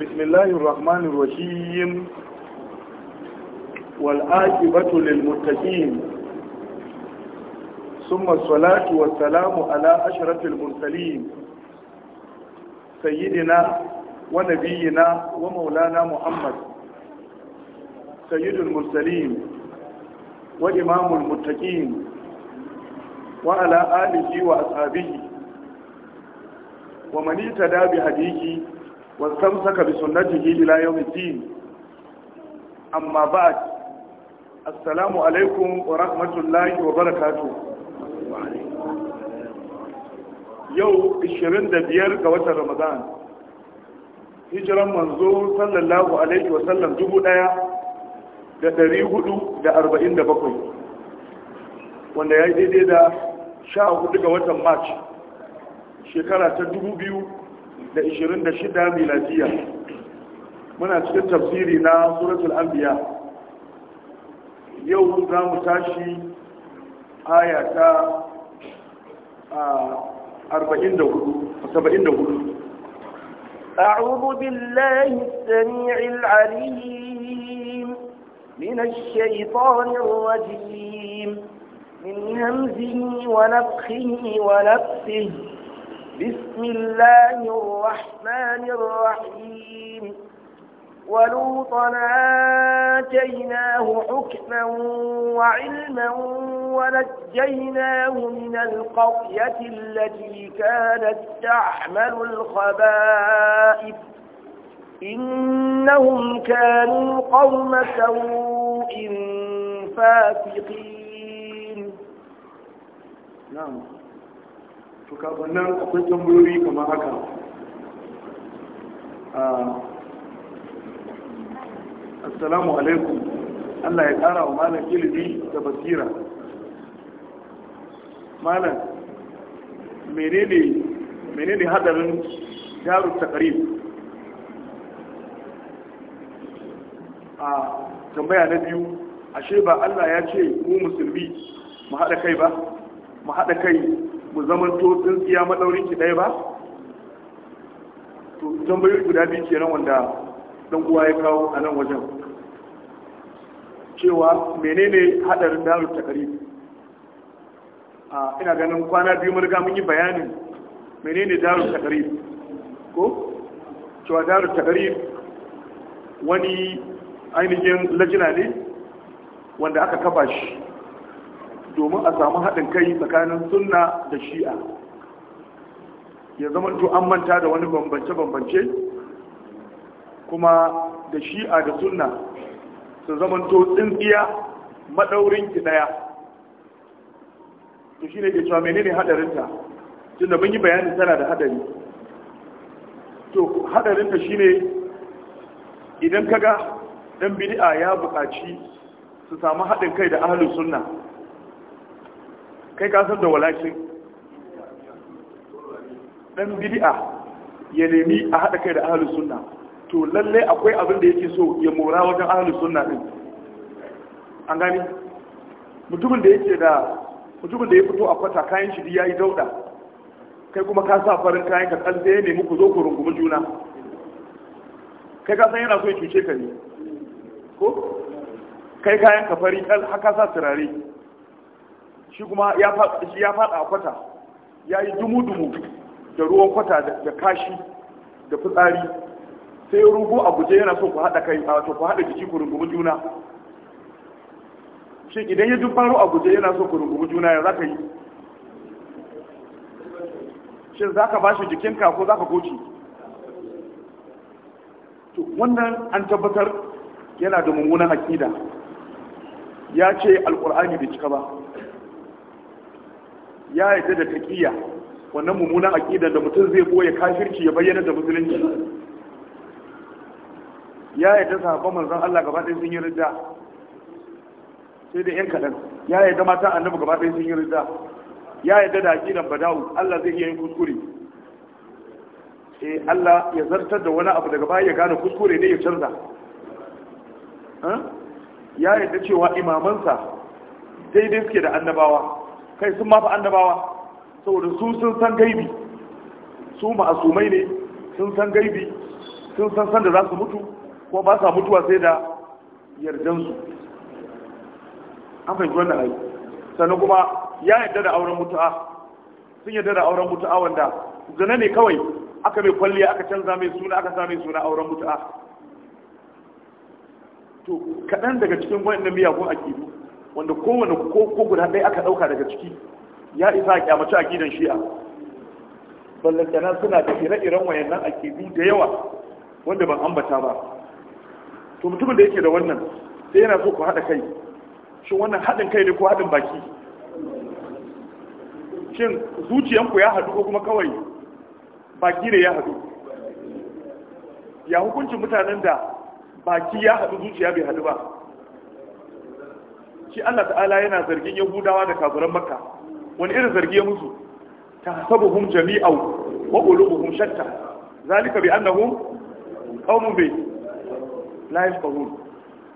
بسم الله الرحمن الرحيم والآجبة للمتقين ثم الصلاة والسلام على أشرف المرسلين سيدنا ونبينا ومولانا محمد سيد المرسلين وإمام المتقين وعلى آله وأصحابه wa man ittaba bi hadihi wa istamsaka bi sunnatihi ila yawm al-din amma ba'd assalamu alaikum wa rahmatullahi wa barakatuh yau 25 ga watan ramadan hijiran manzo sallallahu alaihi wa sallam dubu daya da dari hudu da arba'in da bakwai wanda ya yi daidai da sha hudu ga watan march shekara ta 2026 miladiya muna cikin tafsiri na suratul anbiya yau za mu tashi aya ta 44 أعوذ بالله السميع العليم من الشيطان الرجيم من همزه ونفخه ونفسه بسم الله الرحمن الرحيم ولوطا آتيناه حكما وعلما ونجيناه من القرية التي كانت تعمل الخبائث إنهم كانوا قوم سوء فاسقين نعم to kafin nan akwai tambayoyi kamar haka ah, assalamu alaikum Allah ya tsara wa malam ilimi da basira malam menene menene hadarin jaru takarif a ah, tambaya na biyu ashe ba Allah ya ce mu musulmi mu haɗa kai ba mu haɗa kai mu zamanto tsintsiya maɗaurin ki ɗaya ba to tambayoyi guda biyu kenan wanda dan uwa ya kawo a nan wajen cewa menene haɗarin darul takari a ina ganin kwana biyu mun ga mun yi bayanin menene darul takari ko cewa darul takari wani ainihin lajina ne wanda aka kafa shi domin a samu haɗin kai tsakanin sunna da shi'a ya zama to an manta da wani bambance-bambance kuma da shi'a da sunna su zama to tsintsiya maɗaurin ki ɗaya to shi ne ke cewa menene haɗarinta tunda mun yi bayani tana da haɗari to haɗarinta shi ne idan kaga ɗan bid'a ya buƙaci su samu haɗin kai da ahalin sunna kai ka san da walakin dan bid'a ya nemi a haɗa kai da ahlus sunna to lalle akwai abin da yake so ya mora wajen ahlus sunna din an gani mutumin da yake da mutumin da ya fito a kwata kayan shi ya yi dauda kai kuma ka sa farin kayan ka kalze ya nemi ku zo ku rungumi juna kai ka san yana so ya cuce ka ne ko kai kayan ka fari kal haka sa turare shi kuma ya fada a kwata ya yi dumu-dumu da ruwan kwata da kashi da fitsari sai rugu a guje yana so ku haɗa kai a wato ku haɗa jiki ku rungumi juna shi idan ya dubaro a guje yana so ku rungumi juna ya za ka yi shi za ka ba shi jikinka ko za ka goce wannan an tabbatar yana da mummunan akida ya ce alkur'ani bai cika ba ya yarda da taƙiya, wannan mummunan aqida da mutum zai boye kafirci ya bayyana da musulunci ya yarda sahabban manzon Allah gaba ɗaya sun yi ridda sai da yan kaɗan ya yarda mata annabi gaba ɗaya sun yi ridda ya yarda da aqidan badawu Allah zai iya yin kuskure eh Allah ya zartar da wani abu daga baya ya gane kuskure ne ya canza ya yarda cewa imamansa daidai suke da annabawa kai sun mafi annabawa saboda su sun san gaibi su ma'asumai ne sun san gaibi sun san san da za su mutu ko ba sa mutuwa sai da yardansu an fahimci wannan ayi sannan kuma ya yarda da auren mutu'a sun yarda da auren mutu'a wanda zane ne kawai aka mai kwalliya aka canza mai suna aka sa mai suna auren mutu'a to kaɗan daga cikin wayannan miyagun akidu wanda kowane ko guda ɗaya aka ɗauka daga ciki ya isa a kyamaci aƙidan shi'a ballantana suna da ire-iren wayannan aƙidu da yawa wanda ban ambata ba to mutumin da yake da wannan sai yana so ku haɗa kai shin wannan haɗin kai ne ko haɗin baki shin zuciyanku ya haɗu ko kuma kawai baki ne ya haɗu ya hukuncin mutanen da baki ya haɗu zuciya bai haɗu ba shi Allah ta'ala yana zargin yahudawa da kafiran makka wani irin zargi ya musu tahsabuhum jami'au wa qulubuhum shatta zalika bi annahum qaumun bi la yafqahun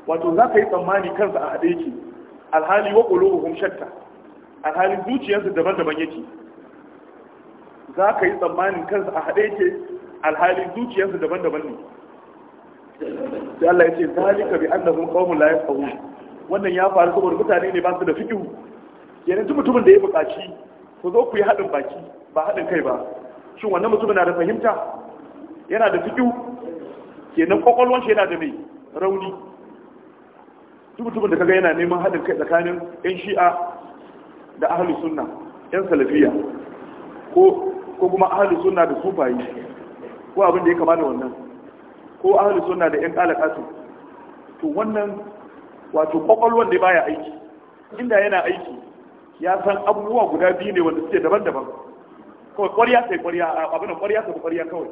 wato zaka yi tsammani kansa a hade yake alhali wa qulubuhum shatta alhali zuciyarsu daban-daban yake zaka yi tsammanin kansa a hade yake alhali zuciyarsu daban-daban ne sai Allah ya ce zalika bi annahum qaumun la yafqahun wannan ya faru saboda mutane ne ba su da yana yanzu mutumin da ya buƙaci ku zo ku yi haɗin baki ba haɗin kai ba shin wannan mutumin na da fahimta yana da fikihu kenan kwakwalwan shi yana da mai rauni duk mutumin da kaga yana neman haɗin kai tsakanin yan shi'a da ahli sunna yan salafiya ko ko kuma ahli sunna da sufayi ko abin da ya kama da wannan ko ahli sunna da yan kalakatu to wannan wato kwakwalwan da baya aiki inda yana aiki ya san abubuwa guda biyu ne wanda suke daban-daban kawai kwarya sai kwarya abin kwarya sai kwarya kawai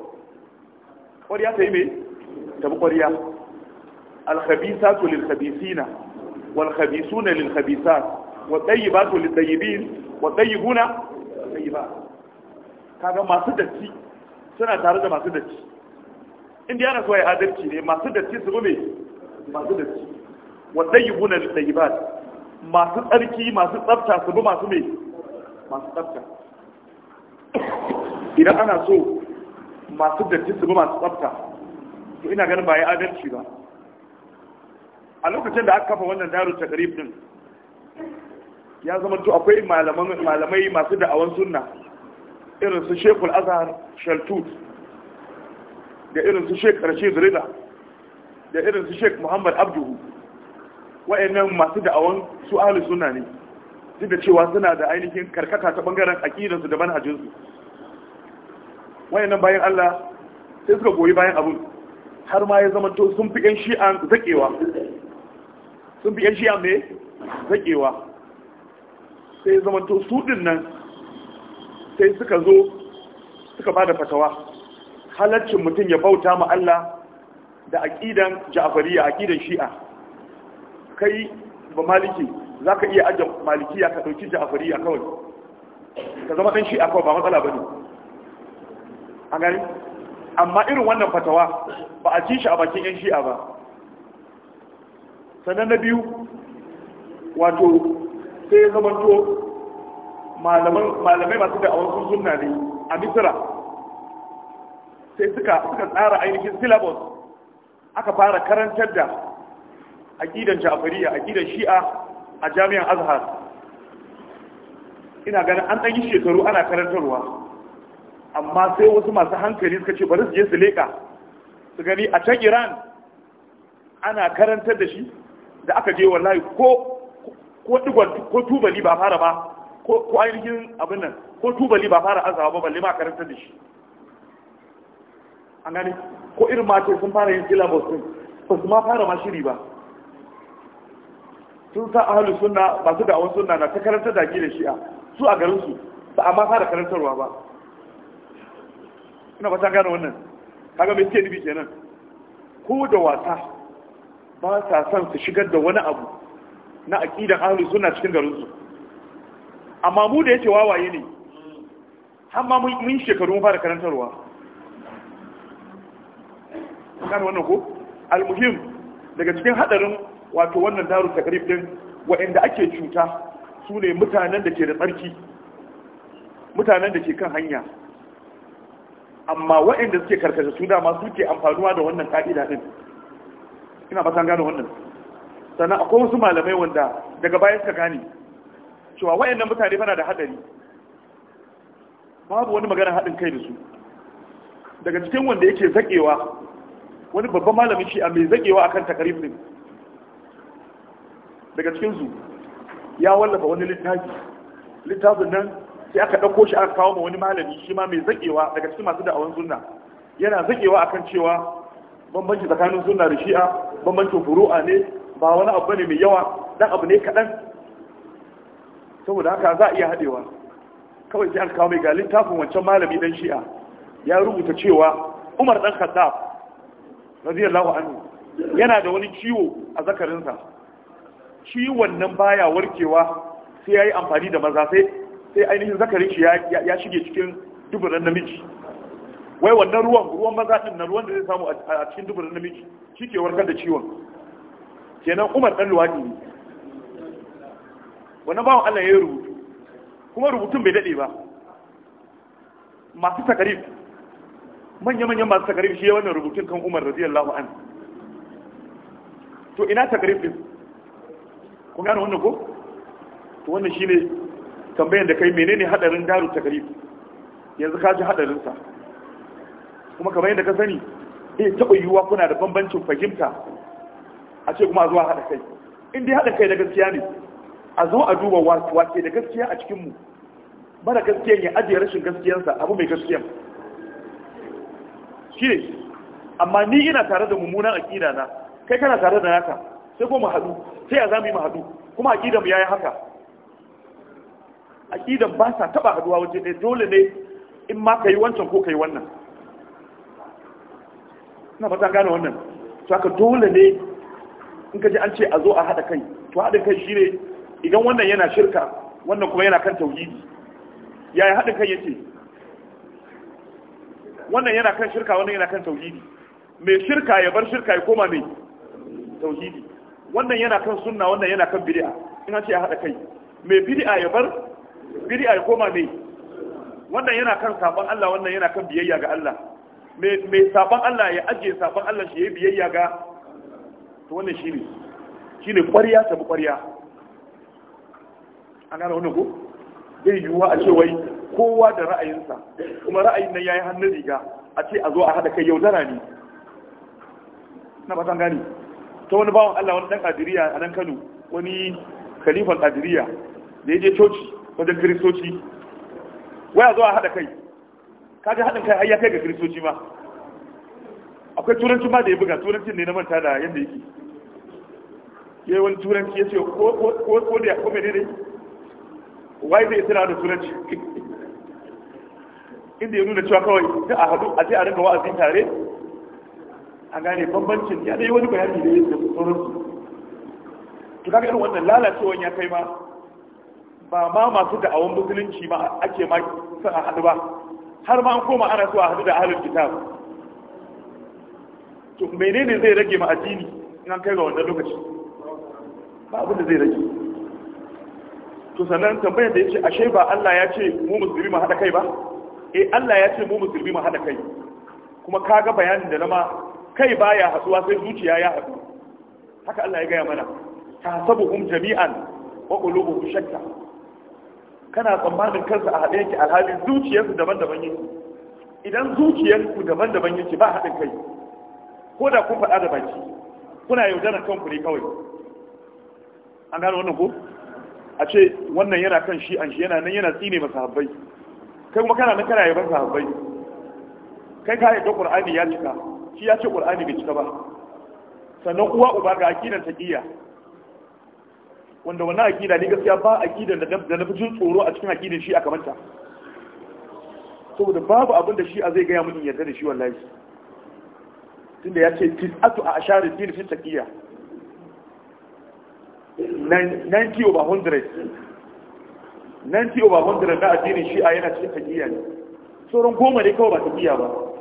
kwarya sai me tabi kwarya al-khabisatu lil-khabisina wal-khabisuna lil-khabisat wa tayyibatu lit-tayyibin wa tayyibuna tayyibat kaga masu datti suna tare da masu datti inda yana so ya adalci ne masu datti su gume masu datti wa tayyibuna lil tayyibat masu tsarki masu tsafta su bi masu me? masu tsafta idan ana so masu datti su bi masu tsafta to ina ganin ba ya adalci ba a lokacin da aka kafa wannan darul takrib din ya zama to akwai malamai masu da'awan sunna irin su shekul azhar shaltut da irin su shek rashid rida da irin su shek muhammad abduhu wa'annan masu da'awan su ahli sunna ne duk da cewa suna da ainihin karkata ta bangaren aqidar su da manhajin su wa'annan bayan Allah sai suka goyi bayan abun har ma ya zama to sun fi yan Shi'a zakewa sun fi yan shi'a me zakewa sai zama to su din nan sai suka zo suka bada fatawa halaccin mutum ya bauta ma Allah da aqidan Ja'fariyya aqidan Shi'a kai ba maliki za ka iya ajiye ya ka ɗauki a kawai ka zama ɗan shi a kawai ba matsala ba ne a gani amma irin wannan fatawa ba a ci shi a bakin yan shi'a ba sannan na biyu wato sai ya to malamai masu da awon sun sunna ne a misira sai suka tsara ainihin syllabus aka fara karantar da aqidan ja'fariya aqidan shi'a a jami'an azhar ina ganin an ɗan yi shekaru ana karantarwa amma sai wasu masu hankali suka ce bari su je su leƙa su gani a can iran ana karantar da shi da aka je wallahi ko ko digon ko tubali ba fara ba ko ainihin abin nan ko tubali ba fara azawa ba balle ma karantar da shi an gani ko irin mace sun fara yin syllabus din ba su ma fara ma shiri ba sun sa ahalu sunna masu da'awar sunna na ta karanta da da shi'a su a garinsu ba a ma da karantarwa ba ina ba ta gane wannan kaga mai nufi kenan ko da wasa ba sa son su shigar da wani abu na aqidan ahalu sunna cikin garinsu. amma mu da yake wawaye ne har ma mun shekaru mun fara karantarwa kun wannan ko almuhim daga cikin hadarin wato wannan daru takrib din wa'anda ake cuta su ne mutanen da ke da tsarki mutanen da ke kan hanya amma wa'inda suke karkashe su dama suke amfanuwa da wannan ka'ida din ina ba san gane wannan sannan akwai wasu malamai wanda daga baya suka gane cewa wa'annan mutane fana da hadari babu wani magana haɗin kai da su daga cikin wanda yake zaƙewa wani babban malamin shi a mai zaƙewa akan takarif din daga cikin su ya wallafa wani littafi littafin nan sai aka ɗauko shi aka kawo ma wani malami shi ma mai zaƙewa daga cikin masu da'awan sunna yana zaƙewa akan cewa bambanci tsakanin sunna da shi'a bambancin furu'a ne ba wani abu ne mai yawa dan abu ne kaɗan saboda haka za a iya haɗewa kawai sai aka kawo mai ga littafin wancan malami dan shi'a ya rubuta cewa umar dan khattab radiyallahu anhu yana da wani ciwo a zakarinsa shi wannan baya warkewa sai ya yi amfani da maza sai sai ainihin zakarin shi ya shige cikin duburan namiji wai wannan ruwan ruwan maza din na ruwan da zai samu a cikin duburan namiji shi ke warkar da ciwon kenan umar dan luwadi ne wannan bawan Allah ya yi rubutu kuma rubutun bai dade ba masu takarif manya-manyan masu takarif shi ya wannan rubutun kan umar radiyallahu anhu to ina takarif din kun gane wannan ko to wannan shine tambayar da kai menene hadarin daru takrib yanzu ka ji hadarin sa kuma kamar yadda ka sani eh ta yiwuwa kuna da bambancin fahimta a ce kuma zuwa haɗa kai in dai haɗa kai da gaskiya ne a zo a duba wace da gaskiya a cikinmu mara gaskiyan ya ajiye rashin sa abu mai gaskiyan shi ne amma ni ina tare da mummunan aƙida na kai kana tare da naka sai ko mu hadu, sai ya zamu yi mu hadu? kuma aqidan mu yayi haka aqidan ba sa taba haduwa waje ne dole ne in ma kai wancan ko kai wannan ina ta gane wannan to haka dole ne in ka ji an ce a zo a haɗa kai to haɗin kai shine idan wannan yana shirka wannan kuma yana kan tauhidi yaya haɗin kai yace wannan yana kan shirka wannan yana kan tauhidi mai shirka ya bar shirka ya koma mai tauhidi wannan yana kan sunna wannan yana kan bid'a an ce a haɗa kai mai bid'a ya bar bid'a ya koma mai wannan yana kan sabon Allah wannan yana kan biyayya ga Allah mai sabon Allah ya ajiye sabon Allah shi ya biyayya ga to wannan shine shine ƙwariya ta bi ƙwarya an gane wannan ko zai yiwuwa a ce wai kowa da ra'ayinsa kuma ra'ayin nan yayi hannun riga a ce a zo a haɗa kai yau yaudara ne na ba gane ta wani bawan Allah wani dan Kadiriya a nan Kano wani khalifan Kadiriya da ya je coci wajen kiristoci waya zuwa haɗa kai kaji haɗin kai har ya kai ga kiristoci ma akwai turanci ma da ya buga turanci ne na manta da yadda yake yayi wani turanci ya ce ko da ya kome ne dai wai zai tana da turanci inda ya nuna cewa kawai duk a haɗu a sai a rinka wa'azi tare a gane bambancin ya yi wani bayani da yin da su. to kaga irin wannan lalacewa ya kai ma ba ma masu awon musulunci ba ake ma son a haɗu ba har ma an koma ana so a haɗu da ahlul kitab to menene zai rage ma addini in an kai ga wannan lokaci ba abin da zai rage to sannan tambayar da yace ashe ba Allah ya ce mu musulmi mu haɗa kai ba eh Allah ya ce mu musulmi mu haɗa kai kuma kaga bayanin da na ma kai baya haɗuwa sai zuciya ya haɗu haka Allah ya gaya mana hum jami'an wa qulubuhum shakka kana tsammanin kansa a haɗe yake alhalin zuciyarsu daban-daban yake idan zuciyarku daban-daban yake ba haɗin kai ko da kun faɗa da baki kuna yaudarar kanku ne kawai an gano wannan ko a ce wannan yana kan shi an shi yana nan yana tsine masa habbai kai kuma kana nan kana yaban sahabbai kai ka yi da ya cika shi ya ce ƙul'ani bai cika ba sannan uwa uba ga ta ƙiya wanda wannan aƙida ne gaskiya ba aqidar da na fi jin tsoro a cikin aqidar shi a kamanta saboda babu abin da shi a zai gaya mun yarda da shi wallahi tunda ya ce tis'atu a ashari din fi taqiyya 90 over 100 90 over 100 na addinin shi'a yana cikin ƙiya ne sauran goma ne kawai ba ƙiya ba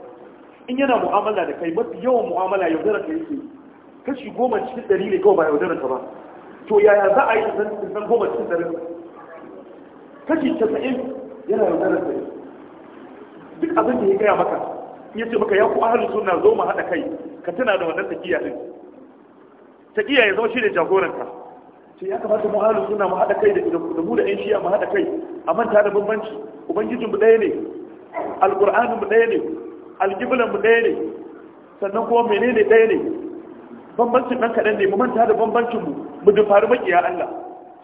in yana mu'amala da kai mafi yawan mu'amala yaudarar ka yake kashi goma cikin ɗari ne kawai ba yaudarar ka ba to yaya za a yi san goma cikin ɗari kashi casa'in yana yaudarar ka duk abin da ya gaya maka ya ce maka ya ku ahalin suna zo mu haɗa kai ka tuna da wannan taƙiya ɗin taƙiya ya zama shi ne jagoranka ce ya kamata mu ahalin suna mu haɗa kai da mu da 'yan shiya mu haɗa kai a manta da bambanci ubangijinmu ɗaya ne mu ɗaya ne alƙiblan mu ɗaya ne sannan kuma ne ɗaya ne bambancin ɗan kaɗan ne mu manta da bambancin mu mu dufaru makiya Allah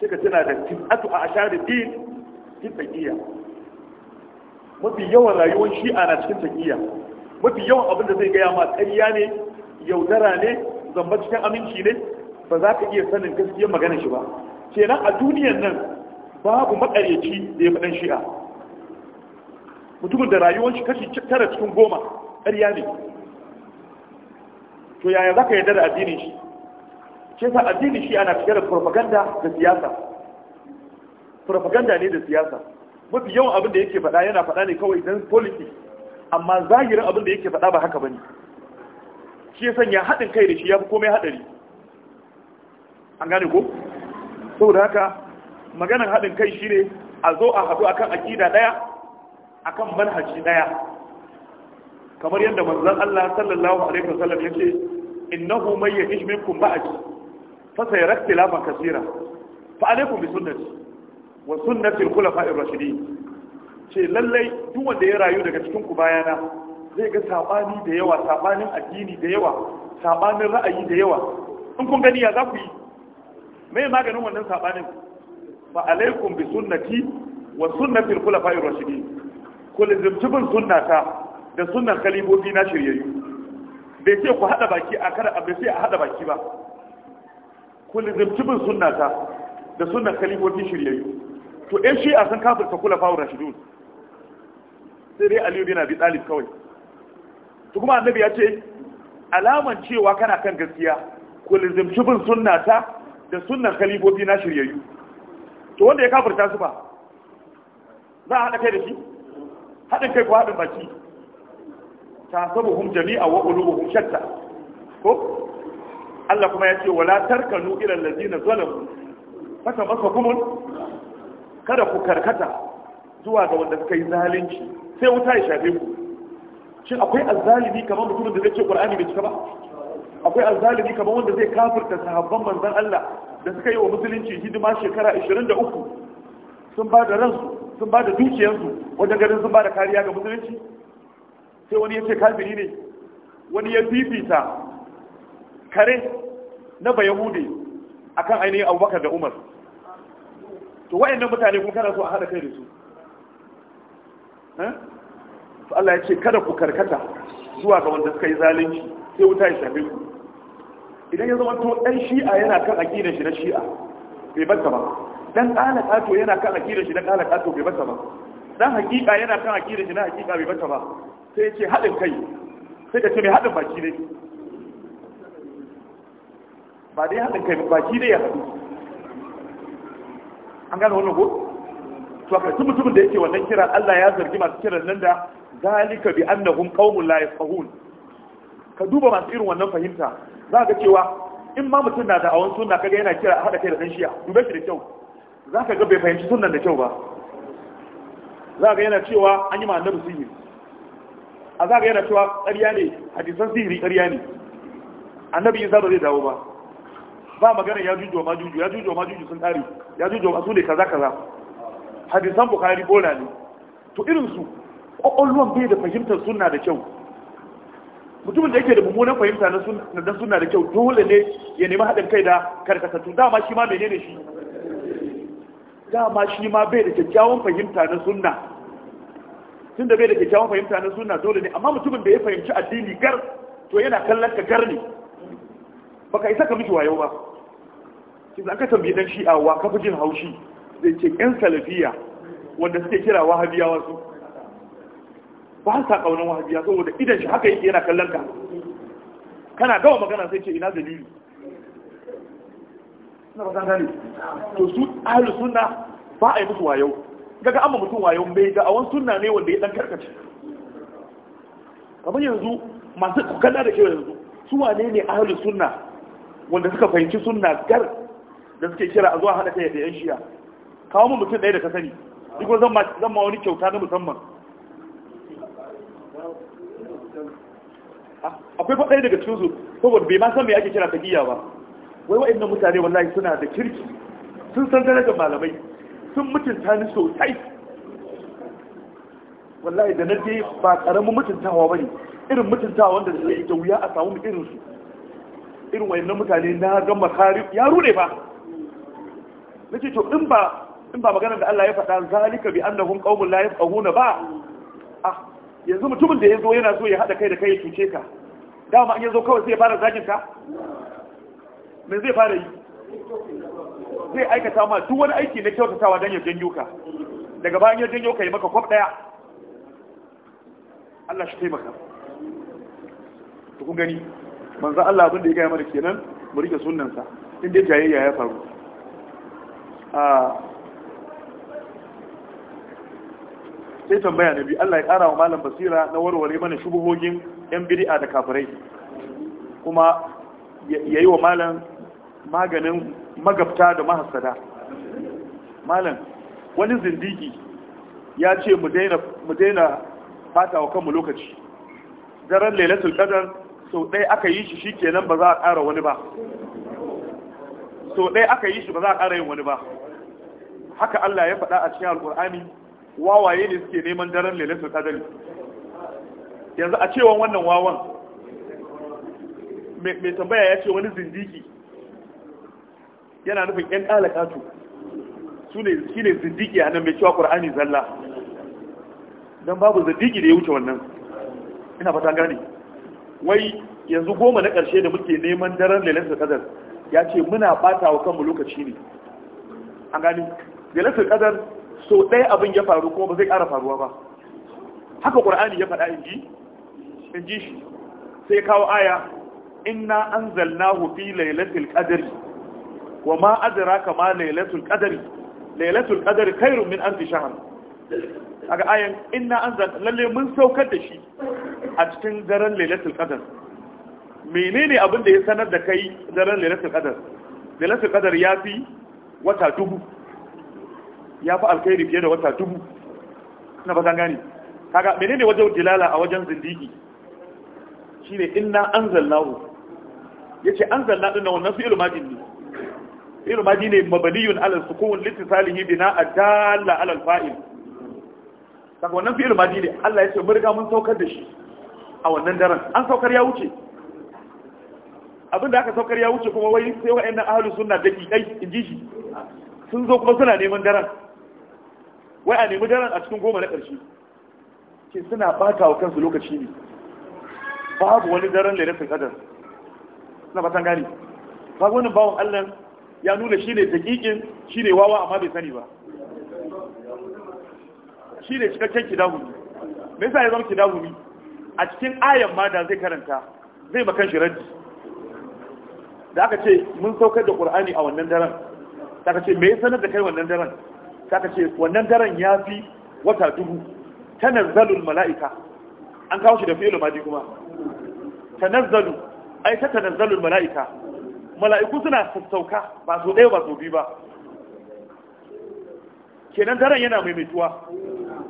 sai tana da tis'atu a ashari din cikin taƙiyya mafi yawan rayuwar shi'a na cikin taƙiyya mafi yawan abin da zai gaya ma ƙarya ne yaudara ne zamba cikin aminci ne ba za ka iya sanin gaskiyar magana shi ba kenan a duniyar nan babu maƙaryaci da ya faɗan shi'a mutumin da rayuwar shi kashi tara cikin goma ƙarya ne to yaya za ka yarda da addinin shi ce sa addinin shi ana cike da propaganda da siyasa propaganda ne da siyasa mafi yawan abin da yake faɗa yana faɗa ne kawai don politi amma zahirin abin da yake faɗa ba haka bane shi ya sanya haɗin kai da shi ya fi komai haɗari an gane ko saboda haka maganar haɗin kai shi ne a zo a haɗu akan akida ɗaya akan manhaji daya kamar yadda manzon Allah sallallahu alaihi wasallam yace innahu may yahish minkum ba'di fa sayara ikhtilafan kaseera fa alaikum bi sunnati wa sunnati al-khulafa'ir rashidin ce lallai duk wanda ya rayu daga cikin ku bayana zai ga sabani da yawa sabanin addini da yawa sabanin ra'ayi da yawa in kun gani ya za ku yi Me maganin wannan sabanin fa alaikum bi sunnati wa sunnati al-khulafa'ir rashidin ku lizimci bin sunna ta da sunnan kalibobi na shiryayyu bai ce ku hada baki a kada abin sai a hada baki ba ku lizimci bin sunna ta da sunnan kalibobi shiryayyu to eh shi a san ta kula fawo rashidun sai dai aliyu bin abi talib kawai to kuma annabi ya ce alaman cewa kana kan gaskiya ku lizimci bin sunna ta da sunnan kalibobi na shiryayyu to wanda ya kafirta su ba za a haɗa kai da shi haɗin kai ko haɗin baki ta sabu hum jami'a wa ulubuhum shatta ko Allah kuma ya ce wala tarkanu ila allazina zalamu fata masa gumun kada ku karkata zuwa ga wanda suka yi zalunci sai wuta ya shafe ku shin akwai azzalimi kamar mutumin da zai ce qur'ani bai cika ba akwai azzalimi kamar wanda zai kafirta sahabban manzon Allah da suka yi wa musulunci hidima shekara 23 sun ba da ransu sun ba da dukiyarsu wajen ganin sun ba da kariya ga musulunci sai wani ya ce kafiri ne wani ya fifita kare na bayahude kan ainihin abubakar da umar to wayannan mutane kuma kana so a haɗa kai da su to Allah ya ce kada ku karkata zuwa ga wanda suka yi zalunci sai wuta ya shafe ku idan ya zama to ɗan shi'a yana kan aƙidar shi na shi'a bai bata ba dan kala kato yana kan akidar shi dan kala kato bai bata ba dan hakika yana kan akidar shi na hakika bai bata ba sai ya ce haɗin kai sai ka ce mai haɗin baki ne ba dai haɗin kai baki ne ya haɗu an gane wannan ko to aka tun mutumin da yake wannan kira Allah ya zargi masu kiran nan da zalika bi annahum qaumun la yafqahun ka duba masu irin wannan fahimta za ka cewa in ma mutum na da'awan sunna kaga yana kira a haɗa kai da ɗan shiya dube shi da kyau za ka ga bai fahimci sunan da kyau ba za ga yana cewa an yi ma annabi sihiri a za ga yana cewa ƙarya ne hadisan sihiri ƙarya ne annabi yin ba zai dawo ba ba magana ya jujuwa ma juju ya jujuwa ma juju sun kare ya jujuwa su ne kaza kaza hadisan bukari bola ne to irin su ƙwaƙwalwan bai da fahimtar sunna da kyau mutumin da yake da mummunan fahimta na suna da kyau dole ne ya nemi haɗin kai da karkatattu dama shi ma menene shi dama shi ma bai da kyakkyawan fahimta na sunna tun da bai da kyakkyawan fahimta na suna dole ne amma mutumin da ya fahimci addini gar to yana kallon ka gar ne baka isa ka miki wayo ba shi an ka tambayi dan shi'a wa kafin haushi zai ce yan salafiya wanda suke kira wahabiyawa su ba sa kaunar wahabiya saboda idan shi haka yake yana kallon ka kana gawa magana sai ce ina dalili na ba gane to su ahlus sunna ba a yi musu wayo kaga amma mutum wayo bai ga awan sunna ne wanda ya dan karkace kamar yanzu masu kalla da kyau yanzu su wane ne ahlus sunna wanda suka fahimci sunna gar da suke kira a zuwa hada kai da yan shiya kawo mu mutum ɗaya da ka sani duk zan ma wani kyauta na musamman akwai fa ɗaya daga cikin su saboda bai ma san me ake kira giya ba wai wa'annan mutane wallahi suna da kirki sun san da malamai sun mutunta ni sosai wallahi da na je ba karamin mutuntawa bane irin mutuntawa wanda zai da wuya a samu irin su irin wayannan mutane na ga makari ya rune ba nace to in ba in ba maganar da Allah ya faɗa zalika bi annahum qaumun la yafqahuna ba ah yanzu mutumin da ya zo yana so ya haɗa kai da kai ya cuce ka dama an yi zo kawai zai ya fara zagin ka me zai fara yi zai aikata ma duk wani aiki na kyautatawa don ya janyo ka daga bayan ya janyo ka yi maka kwaf ɗaya Allah shi taimaka to kun gani manzan Allah abin da ya gaya mana kenan mu rike sunansa, inda dai jayayya ya faru ah, sai tambaya na biyu Allah ya ƙara wa malam basira na warware mana shubuhogin yan bid'a da kafirai kuma yayi wa malam maganin magabta da mahassada malam wani zindigi ya ce mu daina fata wa kanmu lokaci daren lailatul qadar sau ɗaya aka yi shi shikenan ba za a ƙara wani ba sau aka yi shi ba za a ƙara yin wani ba haka Allah ya faɗa a cikin alƙur'ani wawaye ne suke neman daren lailatul kadari yanzu a cewa wannan wawan mai tambaya ya ce wani zindiki yana nufin yan kalakatu su ne shi ne zindiki a nan mai cewa qur'ani zalla Don babu zindiki da ya wuce wannan ina fata gane wai yanzu goma na ƙarshe da muke neman daren lailatul kadar ya ce muna ɓata wa kanmu lokaci ne an gani lailatul kadar so ɗaya abin ya faru kuma ba zai ƙara faruwa ba haka ƙur'ani ya faɗa in ji shi sai kawo aya inna anzalnahu fi lailatul ƙadari wa ma adraka ma lailatul ƙadari lailatul qadri khairun min shahar. A kaga ayan inna anzal lalle mun saukar da shi a cikin daren lailatul ƙadar. menene abin da ya sanar da kai daren lailatul ƙadar? lailatul ƙadar ya fi wata dubu ya fi alkhairi fiye da wata dubu na fasan gani kaga ne wajen dilala a wajen zindigi Shi ne, shine ya ce an zalla ɗin na wannan su ilimajin ne fi'il madin ne mabniyun ala sukun na a adalla alal fa'il kaga wannan su madin ne Allah ya mun riga mun saukar da shi a wannan daren an saukar ya wuce abinda aka saukar ya wuce kuma wai sai wa'annan ahlus sunna daki in ji shi sun zo kuma suna neman daren wai a nemi daren a cikin goma na ƙarshe ke suna bata wa kansu lokaci ne babu wani daren lailatul qadar na batan gani babu wani bawon allon, ya nuna shi ne taƙiƙin shi ne wawa amma bai sani ba shi ne cikakken kidahumi me yasa ya zama kidahumi a cikin ayan ma da zai karanta zai makan shi raddi da aka ce mun saukar da ƙur'ani a wannan daren Da aka ce me ya sanar da kai wannan daren saka ce wannan daren ya fi wata dubu tanazzalul mala'ika an kawo shi da fi'il madi kuma tanazzalu ai ta tanazzalul mala'ika mala'iku suna sassauka ba so ɗaya ba so biyu ba kenan daren yana maimaituwa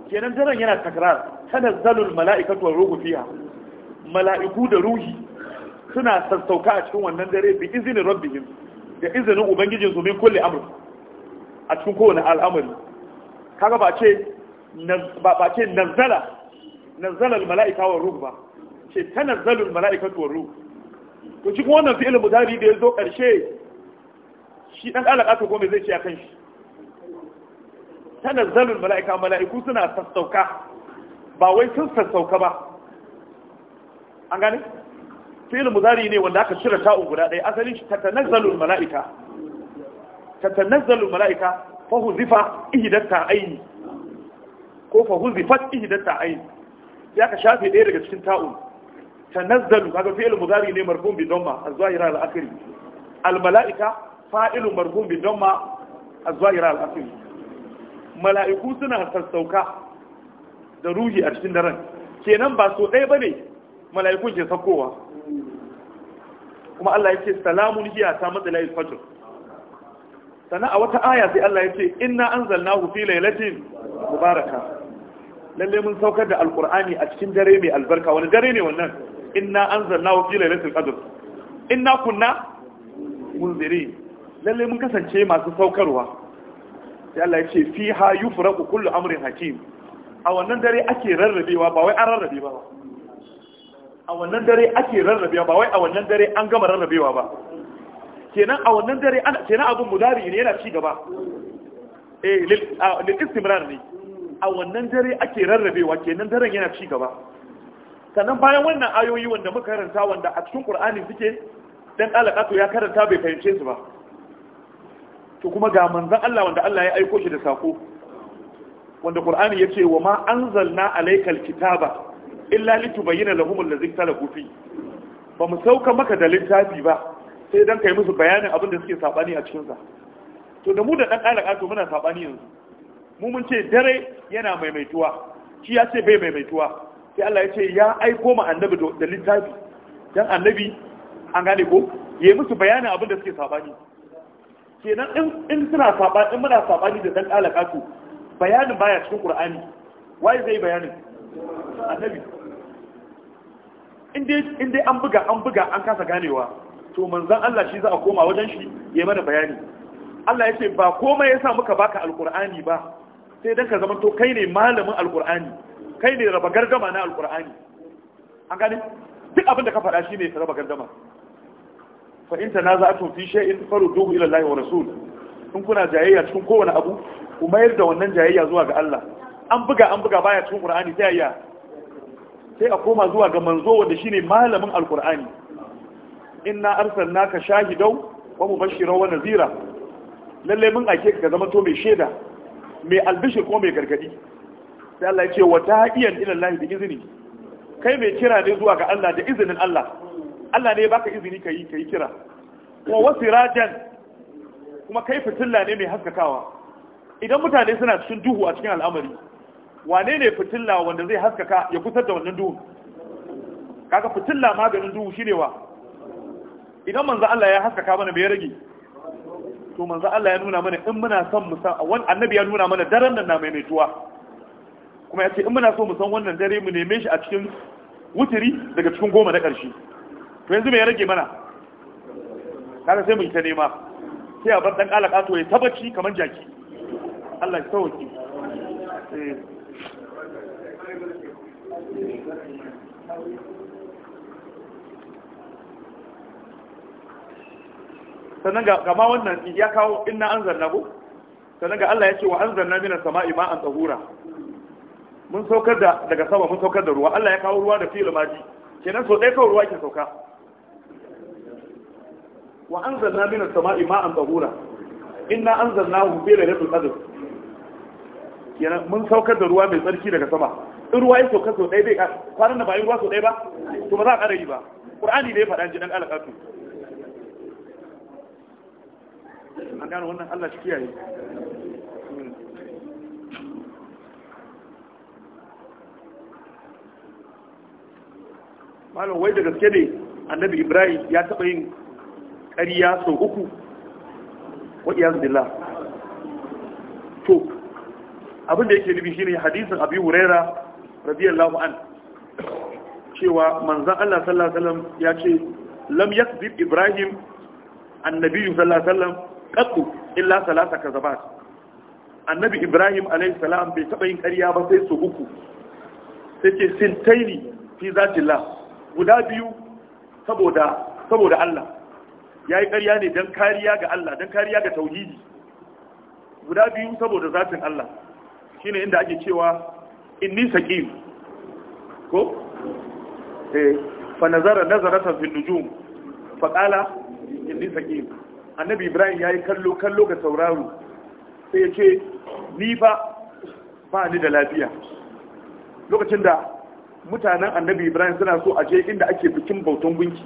kenan daren yana takrar tanazzalul mala'ika wa ruhu fiha mala'iku da ruhi suna sassauka a cikin wannan dare bi izinin rabbihim da izinin ubangijin su min kulli amr a cikin kowane al'amari kaga ba ce ba ce nazala nazala al-mala'ika wa ruh ba ce tanazzalu al-mala'ikatu wa ruh to cikin wannan fi'il mudari da ya zo karshe shi dan alaka ko me zai ce akan shi tanazzalu al-mala'ika mala'iku suna sassauka ba wai sun sassauka ba an gane fi'il mudari ne wanda aka cire ta'un guda ɗaya asalin shi tatanazzalu al-mala'ika tatanazzalu mala'ika fa huzifa ihdatta aini ko fa huzifat ihdatta aini ya ka shafe ɗaya daga cikin ta'un tanazzalu kaga fi'il mudari ne marfun bi damma az al-akhir al-mala'ika fa’il marfun bi damma az-zahira al-akhir mala'iku suna sassauka da ruhi a cikin daren kenan ba so ɗaya bane mala'ikun ke sakowa kuma Allah yake salamun hiya ta matsala al-fajr sannan a wata aya sai Allah ya ce inna anzalnahu fi lailatin mubaraka lalle mun saukar da alqur'ani a cikin dare mai albarka wani dare ne wannan inna anzalnahu fi lailatin qadr inna kunna munziri lalle mun kasance masu saukarwa sai Allah ya ce fiha yufraqu kullu amrin hakim a wannan dare ake rarrabewa ba wai an rarrabe ba a wannan dare ake rarrabewa ba wai a wannan dare an gama rarrabewa ba kenan a wannan dare ana kenan abin mudari ne yana ci gaba eh lil istimrar ne a wannan dare ake rarrabewa kenan daren yana ci gaba sannan bayan wannan ayoyi wanda muka karanta wanda a cikin qur'ani suke dan to ya karanta bai fahimce su ba to kuma ga manzon Allah wanda Allah ya aiko shi da sako wanda qur'ani yace wa ma anzalna alaykal kitaba illa litubayyana lahumul ladhi ikhtalafu fi ba mu sauka maka da littafi ba sai don kai musu bayanin abin da suke sabani a cikinsa to da mu da ɗan alaka to muna sabani yanzu mu mun ce dare yana maimaituwa shi ya ce bai maimaituwa sai Allah ya ce ya aiko ma annabi da littafi dan annabi an gane ko yayi musu bayanin abin da suke sabani kenan in in suna sabani in muna sabani da dan alaka to bayanin baya cikin Qur'ani wai zai bayanin annabi in dai an buga an buga an kasa ganewa to manzan Allah shi za a koma wajen shi ya mana bayani Allah ya ce ba komai ya sa muka baka alkur'ani ba sai don ka zama to kai ne malamin alkur'ani kai ne raba gargama na alkur'ani an gani duk abin da ka faɗa shi ne raba gardama fa in shi fi faru duhu ila layi wa rasul in kuna jayayya cikin kowane abu ku mayar da wannan jayayya zuwa ga Allah an buga an buga baya cikin Qur'ani sai ya sai a koma zuwa ga manzo wanda shine malamin alkur'ani inna arsalnaka shahidan wa mubashiran wa nazira lalle mun ake ka zama to mai shaida mai albishir ko mai gargadi sai Allah ya ce wa ta'iyan ila Allah bi izini kai mai kira ne zuwa ga Allah da izinin Allah Allah ne ya baka izini kai kai kira wa wasirajan kuma kai fitilla ne mai haskakawa idan mutane suna cikin duhu a cikin al'amari wane ne fitilla wanda zai haskaka ya kusar da wannan duhu kaga fitilla maganin duhu shine wa idan manzo Allah ya haskaka mana bai rage to manzo Allah ya nuna mana in muna son mu san wannan annabi ya nuna mana daren nan na mai maituwa kuma ya ce in muna so mu san wannan dare mu neme shi a cikin wutiri daga cikin goma na karshe to yanzu mai rage mana kaga sai mu yi ta nema sai a bar dan alaka to ya tabbaci kamar jaki Allah ya sauke eh sannan ga ma wannan ya kawo inna an bu sannan ga Allah ya ce wa an anzalna minas sama'i an tsahura, mun saukar da daga sama mun saukar da ruwa Allah ya kawo ruwa da fil maji kenan so dai kawo ruwa ke sauka wa an anzalna minas sama'i an tsahura inna anzalnahu fi lailatul qadr kenan mun saukar da ruwa mai tsarki daga sama in ruwa ya sauka so dai bai kwanan da ba yin ruwa so dai ba to ba za a ƙara yi ba qur'ani ne ya faɗa jinan alƙatu an gane wannan Allah shi kiyaye malam wai da gaske ne annabi ibrahim ya taɓa yin ƙariya sau uku waɗiyar zilla to abinda yake nufi shine hadisin abi huraira radiyallahu an cewa manzan allah sallallahu alaihi wasallam ya ce lam yakzib ibrahim annabi sallallahu alaihi wasallam qattu illa salasa kazabat annabi ibrahim alayhi salam bai taba yin ƙarya ba sai su uku sai ce sintaini fi zatillah guda biyu saboda saboda Allah yayi ƙarya ne dan kariya ga Allah dan kariya ga tauhidi guda biyu saboda zatin Allah shine inda ake cewa inni saqim ko eh fa nazara nazaratan fil nujum fa qala inni saqim annabi ibrahim ya yi kallo kallo ga sauraro sai ya ce ni ba ba ni da lafiya lokacin da mutanen annabi ibrahim suna so a je inda ake bikin bautan gunki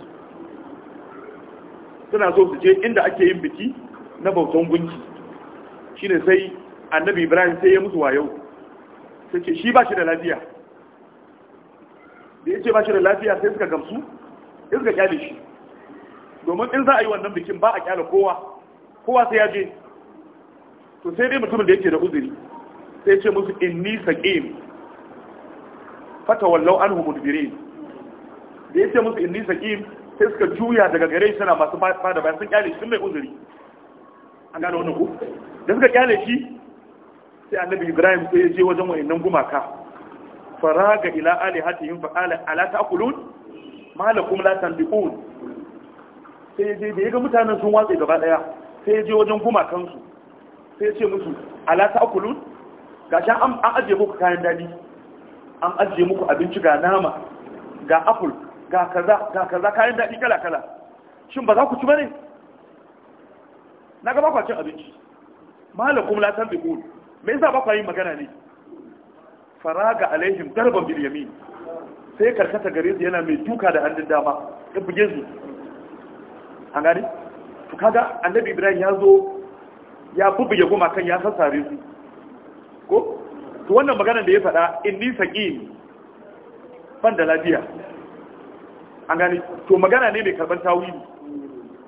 suna so su je inda ake yin biki na bautan gunki shine sai annabi ibrahim sai ya musu wayau sai ce shi ba shi da lafiya da ya ce ba shi da lafiya sai suka gamsu Ya suka kyale shi domin in za a yi wannan bikin ba a kyala kowa kowa sai ya je to sai dai mutumin da yake da uzuri sai ce musu inni saqim fata wallau anhu mudbirin da ce musu inni saqim sai suka juya daga gare suna masu fada bayan sun kyale shi mai uzuri an gano wannan ku da suka kyale shi sai annabi ibrahim sai ya je wajen nan gumaka faraga ila alihatihim fa ala ta'kulun ma lakum la tanbiqun sai ya je da ya ga mutanen sun watsa gaba daya sai ya je wajen gumakansu sai ya ce musu ala ta'kulun gashi an ajiye muku kayan dadi an ajiye muku abinci ga nama ga apple ga kaza ga kaza kayan dadi kala kala shin ba za ku ci bane na ga ba ku cin abinci malakum la tanbiqun me yasa ba ku yi magana ne faraga alaihim darban bil yamin sai karkata gare su yana mai duka da hannun dama ya buge su an gani? to kaga annabi ibrahim ya zo ya ya goma kan ya sassare su ko to wannan magana da ya faɗa inni ne. ban da lafiya an gani? to magana ne mai karban tawili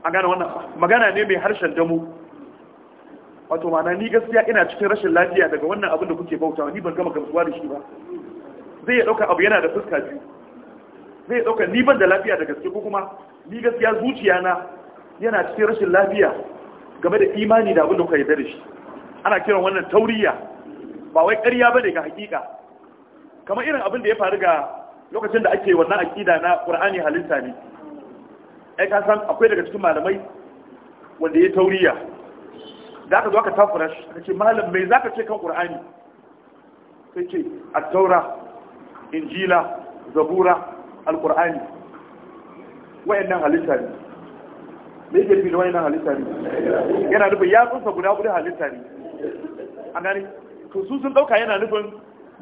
an gani wannan magana ne mai harshen damu. wato ma'ana ni gaskiya ina cikin rashin lafiya daga wannan abin da kuke bautawa ni ban gama gamsuwa da shi ba zai ɗauka abu yana da fuska biyu zai ɗauka ni ban da lafiya da gaske ko kuma ni gaskiya zuciya na yana cikin rashin lafiya game da imani da abin da kuka yi da shi ana kiran wannan tauriya ba wai ƙarya ne, ga hakika kamar irin abin da ya faru ga lokacin da ake wannan akida na ƙur'ani halitta ne ai ka san akwai daga cikin malamai wanda ya tauriya da aka zo aka tafura shi aka ce malam mai za ka ce kan ƙur'ani, sai ce a taura injila zabura alƙur'ani wayannan halitta ne da yake fi da wani halitta ne yana nufin ya tsunsa guda guda halitta ne a gani su sun dauka yana nufin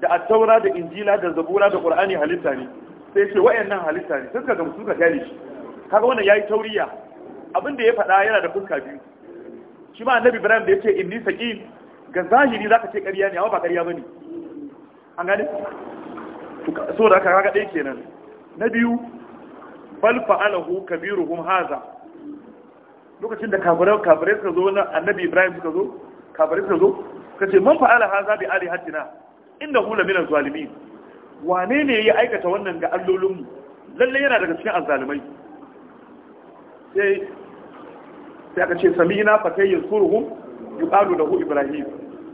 da attaura da injila da zabura da qur'ani halitta ne sai ce wayannan halitta ne suka gamsu ka gane shi kaga wannan yayi tauriya abin da ya faɗa yana da fuska biyu shi ma annabi ibrahim da yace inni saqim ga zahiri zaka ce ƙarya ne amma ba ƙarya bane an gane so da kaga dai kenan na biyu bal fa'alahu kabiruhum haza lokacin da kafirai suka zo na annabi ibrahim suka zo kafirai suka zo ka ce man fa'ala haza bi ali hatina inda hula minan zalimi wane ne ya aikata wannan ga allolinmu lalle yana daga cikin azzalimai sai sai aka ce samina fatayyin surhum yuqalu lahu ibrahim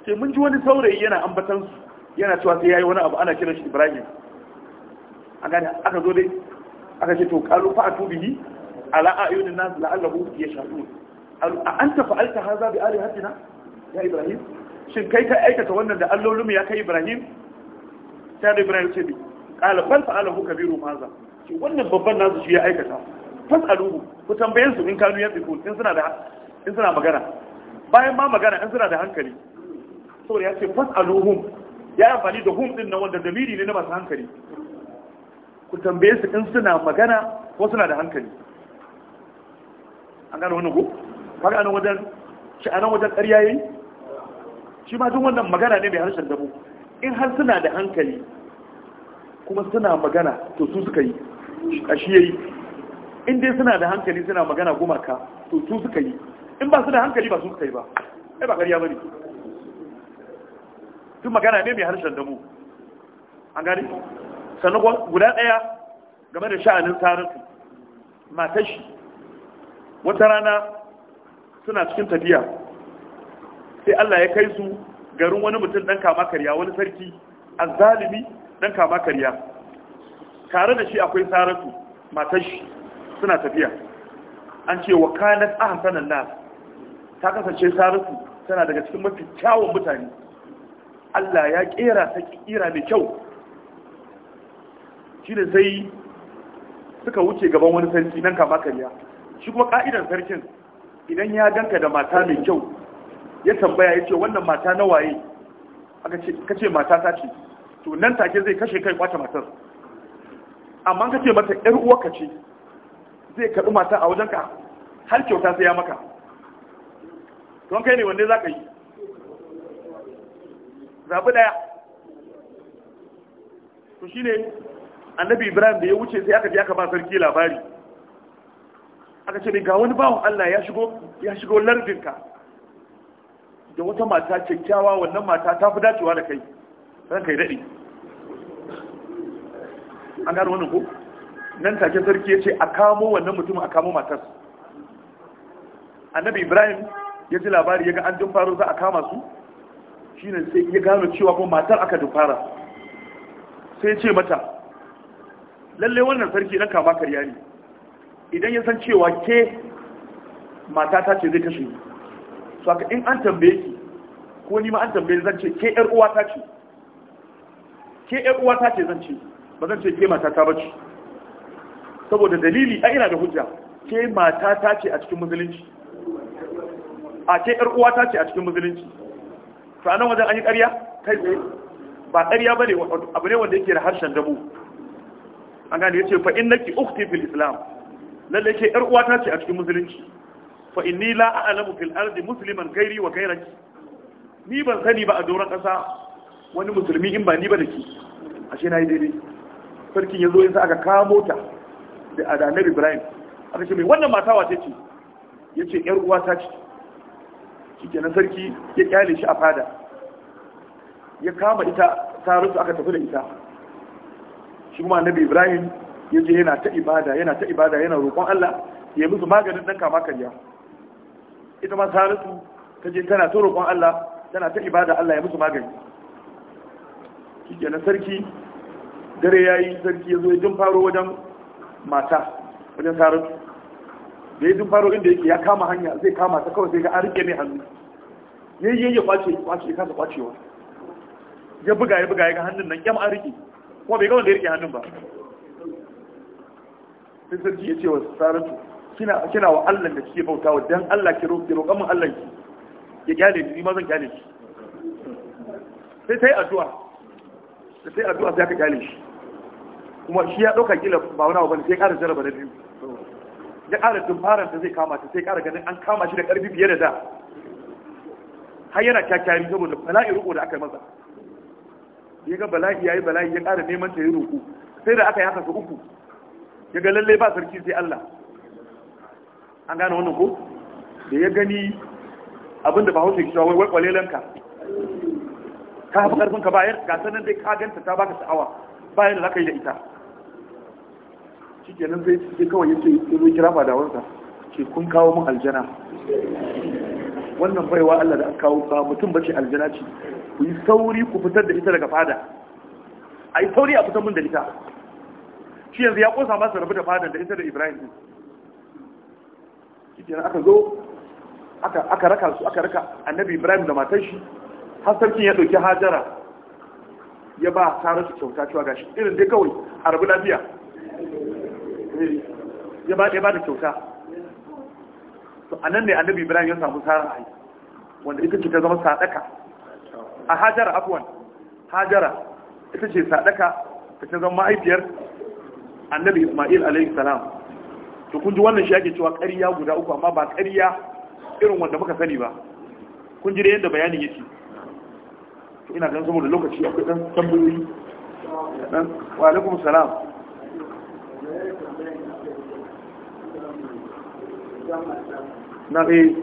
sai mun ji wani saurayi yana ambatan su yana cewa sai yayi wani abu ana kiran shi ibrahim aka zo dai aka ce to qalu fa atubihi ala ayunin nas la'allahu yashhadun an ta fa'alta haza bi alihatina ya ibrahim shin kai ka aikata wannan da allolin ya kai ibrahim sai ibrahim ce bi qala bal fa'alahu kabiru maza shi wannan babban nasu shi ya aikata fasaluhu ku tambayen in kanu ya tsiku in suna magana bayan ma magana in suna da hankali saboda ya ce fasaluhum ya amfani da hum din nan wanda damiri ne na masu hankali ku tambaye su in suna magana ko suna da hankali an gano wannan ko kaga anan wajen shi anan wajen ƙarya yayi shi ma duk wannan magana ne mai harshen dabo in har suna da hankali kuma suna magana to su suka yi a shi yayi in dai suna da hankali suna magana gumaka to su suka yi in ba su da hankali ba su suka yi ba ai ba ƙarya bane duk magana ne mai harshen dabo an gane sannan guda ɗaya game da sha'anin sarrafa matashi wata rana suna cikin tafiya sai Allah ya kai su garin wani mutum dan kama karya wani sarki azzalimi dan kama karya tare da shi akwai saratu matar shi suna tafiya an ce wa a ahsanan nas ta kasance saratu tana daga cikin mafi kyawun mutane Allah ya kera ta kira mai kyau shi da sai suka wuce gaban wani sarki nan kama karya shi kuma ka'idan sarkin idan ya danka da mata mai kyau ya tambaya ya ce wannan mata na waye aka ce kace mata ta ce to nan take zai kashe kai kwata matar amma ka ce mata yar uwa ce zai karɓi mata a wajenka har kyauta sai ya maka don kai ne wanne za ka yi zaɓi ɗaya to shi ne annabi ibrahim da ya wuce sai aka je aka ba sarki labari aka ce ga wani bawon Allah ya shigo ya shigo lardinka da wata mata kyakkyawa wannan mata ta fi dacewa da kai ran kai daɗi an gano wannan ko nan take sarki ya ce a kamo wannan mutum a kamo matar annabi ibrahim ya ji labari ya ga an dumfaro za a kama su shine sai ya gano cewa kuma matar aka fara? sai ce mata lalle wannan sarki dan kama karya ne idan ya san cewa ke matata ce zai kashe su haka in an tambaye ki ko ni ma an tambaye zan ce ke yar ta ce ke yar ta ce zan ce ba zan ce ke matata ba ce saboda dalili a ina da hujja ke ta ce a cikin musulunci a ke yar ta ce a cikin musulunci to anan wajen an yi ƙarya kai tsaye ba ƙarya bane abu ne wanda yake da harshen dabu an gane yace fa innaki ukhti fil islam lalle ke yar uwata ce a cikin musulunci fa inni la a'lamu fil ardi musliman ghairi wa ghairaki ni ban sani ba a doron kasa wani musulmi in ba ni ba da ashe nayi daidai sarkin yazo yasa aka kamo ta da adanar ibrahim aka ce mai wannan mata wace ce yace yar uwata ce shikenan sarki ya kyale shi a fada ya kama ita tarusu aka tafi da ita shi kuma annabi ibrahim ya yana ta ibada yana ta ibada yana roƙon Allah ya musu maganin ɗan kama karya ita ma saratu ta je tana ta roƙon Allah tana ta ibada Allah ya musu magani shi ke sarki dare ya yi sarki ya zo ya jin faro wajen mata wajen saratu da ya jin faro inda yake ya kama hanya zai kama ta kawai sai ga an rike mai hannu ya yi ya kwace kwace ya kasa kwacewa ya buga ya buga ya ga hannun nan kyam an rike kuma bai ga wanda ya rike hannun ba sai sarki ya ce wa saratu kina wa Allah da kike bautawa dan Allah ki roƙi roƙan mun Allah ki ya kyale ni ma zan kyale ki sai sai addu'a sai sai addu'a sai ka kyale shi kuma shi ya ɗauka kila ba wani abu ne sai ƙara jaraba na biyu ya ƙara tumfaran da zai kama ta sai ƙara ganin an kama shi da ƙarfi fiye da da har yana kyakkyari saboda bala'i roƙo da aka yi masa ya ga bala'i ya yi bala'i ya ƙara neman ta yi roƙo sai da aka yi haka su uku ya ga lallai ba sarki sai Allah an gane wannan ko da ya gani abinda ba hausa kishiwa wai kwalelanka ka hafi karfin ka bayar ga sanar dai ka ganta ta baka sha'awa bayan da ka yi da ita shikenan sai zai kawai yace sai kira fadawansa ce kun kawo mun aljana wannan baiwa Allah da aka kawo ba mutum bace aljana ce ku yi sauri ku fitar da ita daga fada A yi sauri a fitar mun da ita shi yanzu ya kusa masa rabu da fadar da ita da ibrahim din shi kenan aka zo aka raka su aka raka annabi ibrahim da matar shi har sarkin ya ɗauki hajara ya ba sarar su kyauta cewa gashi irin dai kawai a rabu lafiya ya ba da kyauta to a nan ne annabi ibrahim ya samu sarar ai wanda ita ce ta zama sadaka a hajara afuwan hajara ita ce sadaka ta ta zama mahaifiyar annabi ismail alaihi salam to kun ji wannan shi ake cewa ƙarya guda uku amma ba ƙarya irin wanda muka sani ba kun ji da yadda bayanin yake to ina ganin saboda lokaci akwai dan tambayoyi wa alaikum salam na eh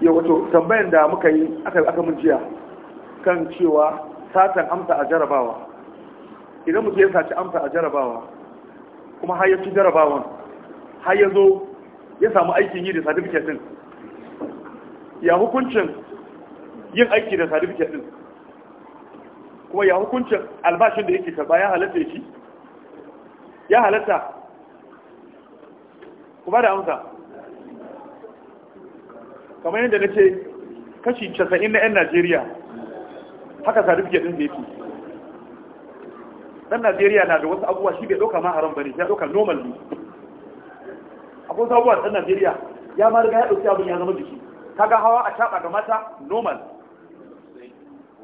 yau wato tambayan da muka yi aka yi aka mun jiya kan cewa satan amsa a jarabawa idan mutum ya saci amsa a jarabawa kuma har ya ci jarabawan har ya zo ya samu aikin yi da certificate din ya hukuncin yin aiki da certificate din kuma ya hukuncin albashin da yake karba ya halatta shi ya halatta kuma da amsa kamar yadda na ce kashi 90 na 'yan najeriya haka certificate din da yake dan Najeriya na da wasu abubuwa shi bai dauka ma haram bane ya dauka normal ne akwai wasu abubuwa dan Najeriya ya ma riga ya dauki abin ya zama jiki kaga hawa a taba ga mata normal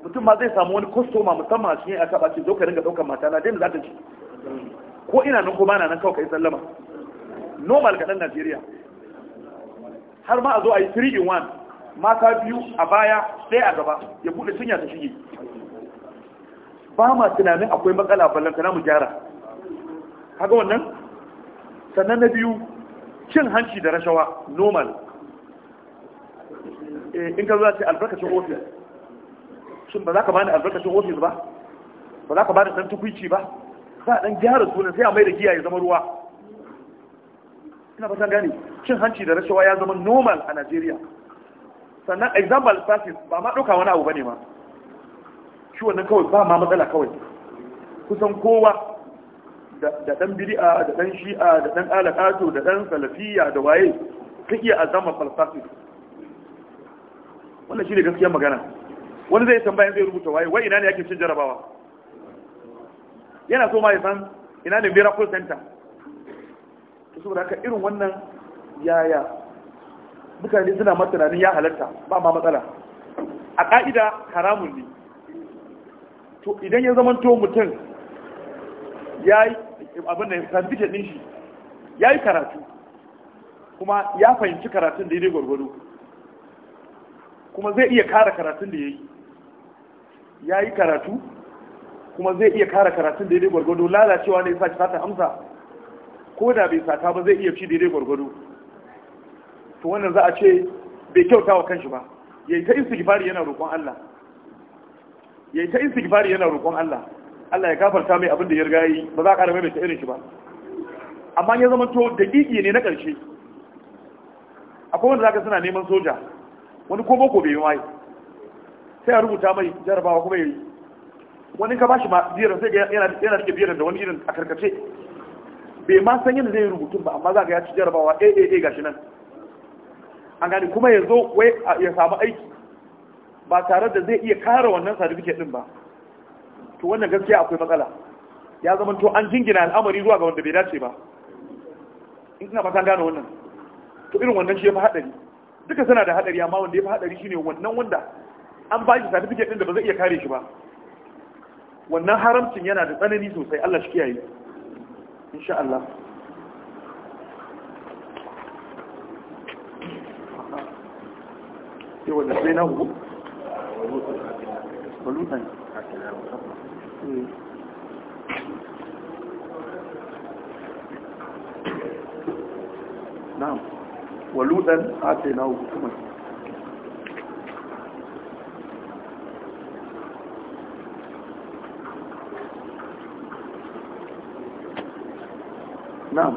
mutum ma zai samu wani customer musamman shi a taba ce dauka ka ringa mata na dai za ta ci ko ina nan ko ba na nan kawai kai sallama normal ga dan Najeriya har ma a zo a yi 3 in 1 mata biyu a baya sai a gaba ya buɗe cinya ta shige ba ma tunanin akwai matsala ballanta na mu gyara haka wannan sannan na biyu cin hanci da rashawa normal eh, in ka zuwa ce albarkacin ofis shin ba za ka bani albarkacin ofis ba ba za ka bani ɗan tukwici ba za a ɗan gyara sunan sai a mai da giya ya zama ruwa ina fatan gane cin hanci da rashawa ya zama normal a najeriya sannan example passes ba ma ɗauka wani abu ba ne ma ciwon na kawai ba ma matsala kawai kusan kowa da ɗan bid'a da ɗan shi'a da ɗan alaƙato da ɗan salafiya da waye ka iya azama falsafi wannan shi ne gaskiyar magana wani zai tambaya zai rubuta waye wai ina ne yake cin jarabawa yana so ma ya san ina ne miracle center to saboda haka irin wannan yaya mutane suna matananin ya halatta ba ma matsala a ƙa'ida haramun ne to idan ya zama to mutum ya yi abin da ya certificate ɗin shi ya yi karatu kuma ya fahimci karatun da ya gwargwado kuma zai iya kara karatun da ya yi ya yi karatu kuma zai iya kara karatun daidai gwargwado lalacewa ne sace sata amsa ko da bai sata ba zai iya ci daidai gwargwado to wannan za a ce bai kyauta wa kanshi ba yayi yi ta istighfari yana roƙon Allah ya yi ta istighfari yana roƙon Allah Allah ya ta mai abin da ya riga yi ba za a ƙara mai irin shi ba amma ya zama to da daƙiƙi ne na ƙarshe akwai wanda zaka suna neman soja wani ko boko bai mai sai a rubuta mai jarabawa kuma yayi wani ka bashi ma biyaran sai yana yana cike biyar da wani irin a karkace bai ma san yadda zai rubutun ba amma zaka ya ci jarabawa eh eh eh gashi nan an gani kuma ya zo wai ya samu aiki ba tare da zai iya kare wannan certificate din ba to wannan gaskiya akwai matsala ya zama to an jingina al'amari zuwa ga wanda bai dace ba in ina fatan gano wannan to irin wannan shi ya fi haɗari duka suna da haɗari amma wanda ya fi haɗari shine wannan wanda an ba shi certificate din da ba zai iya kare shi ba wannan haramcin yana da tsanani sosai Allah shi kiyaye insha Allah sai wanda sai na ولوطا نعم ولوطا آتيناه na'am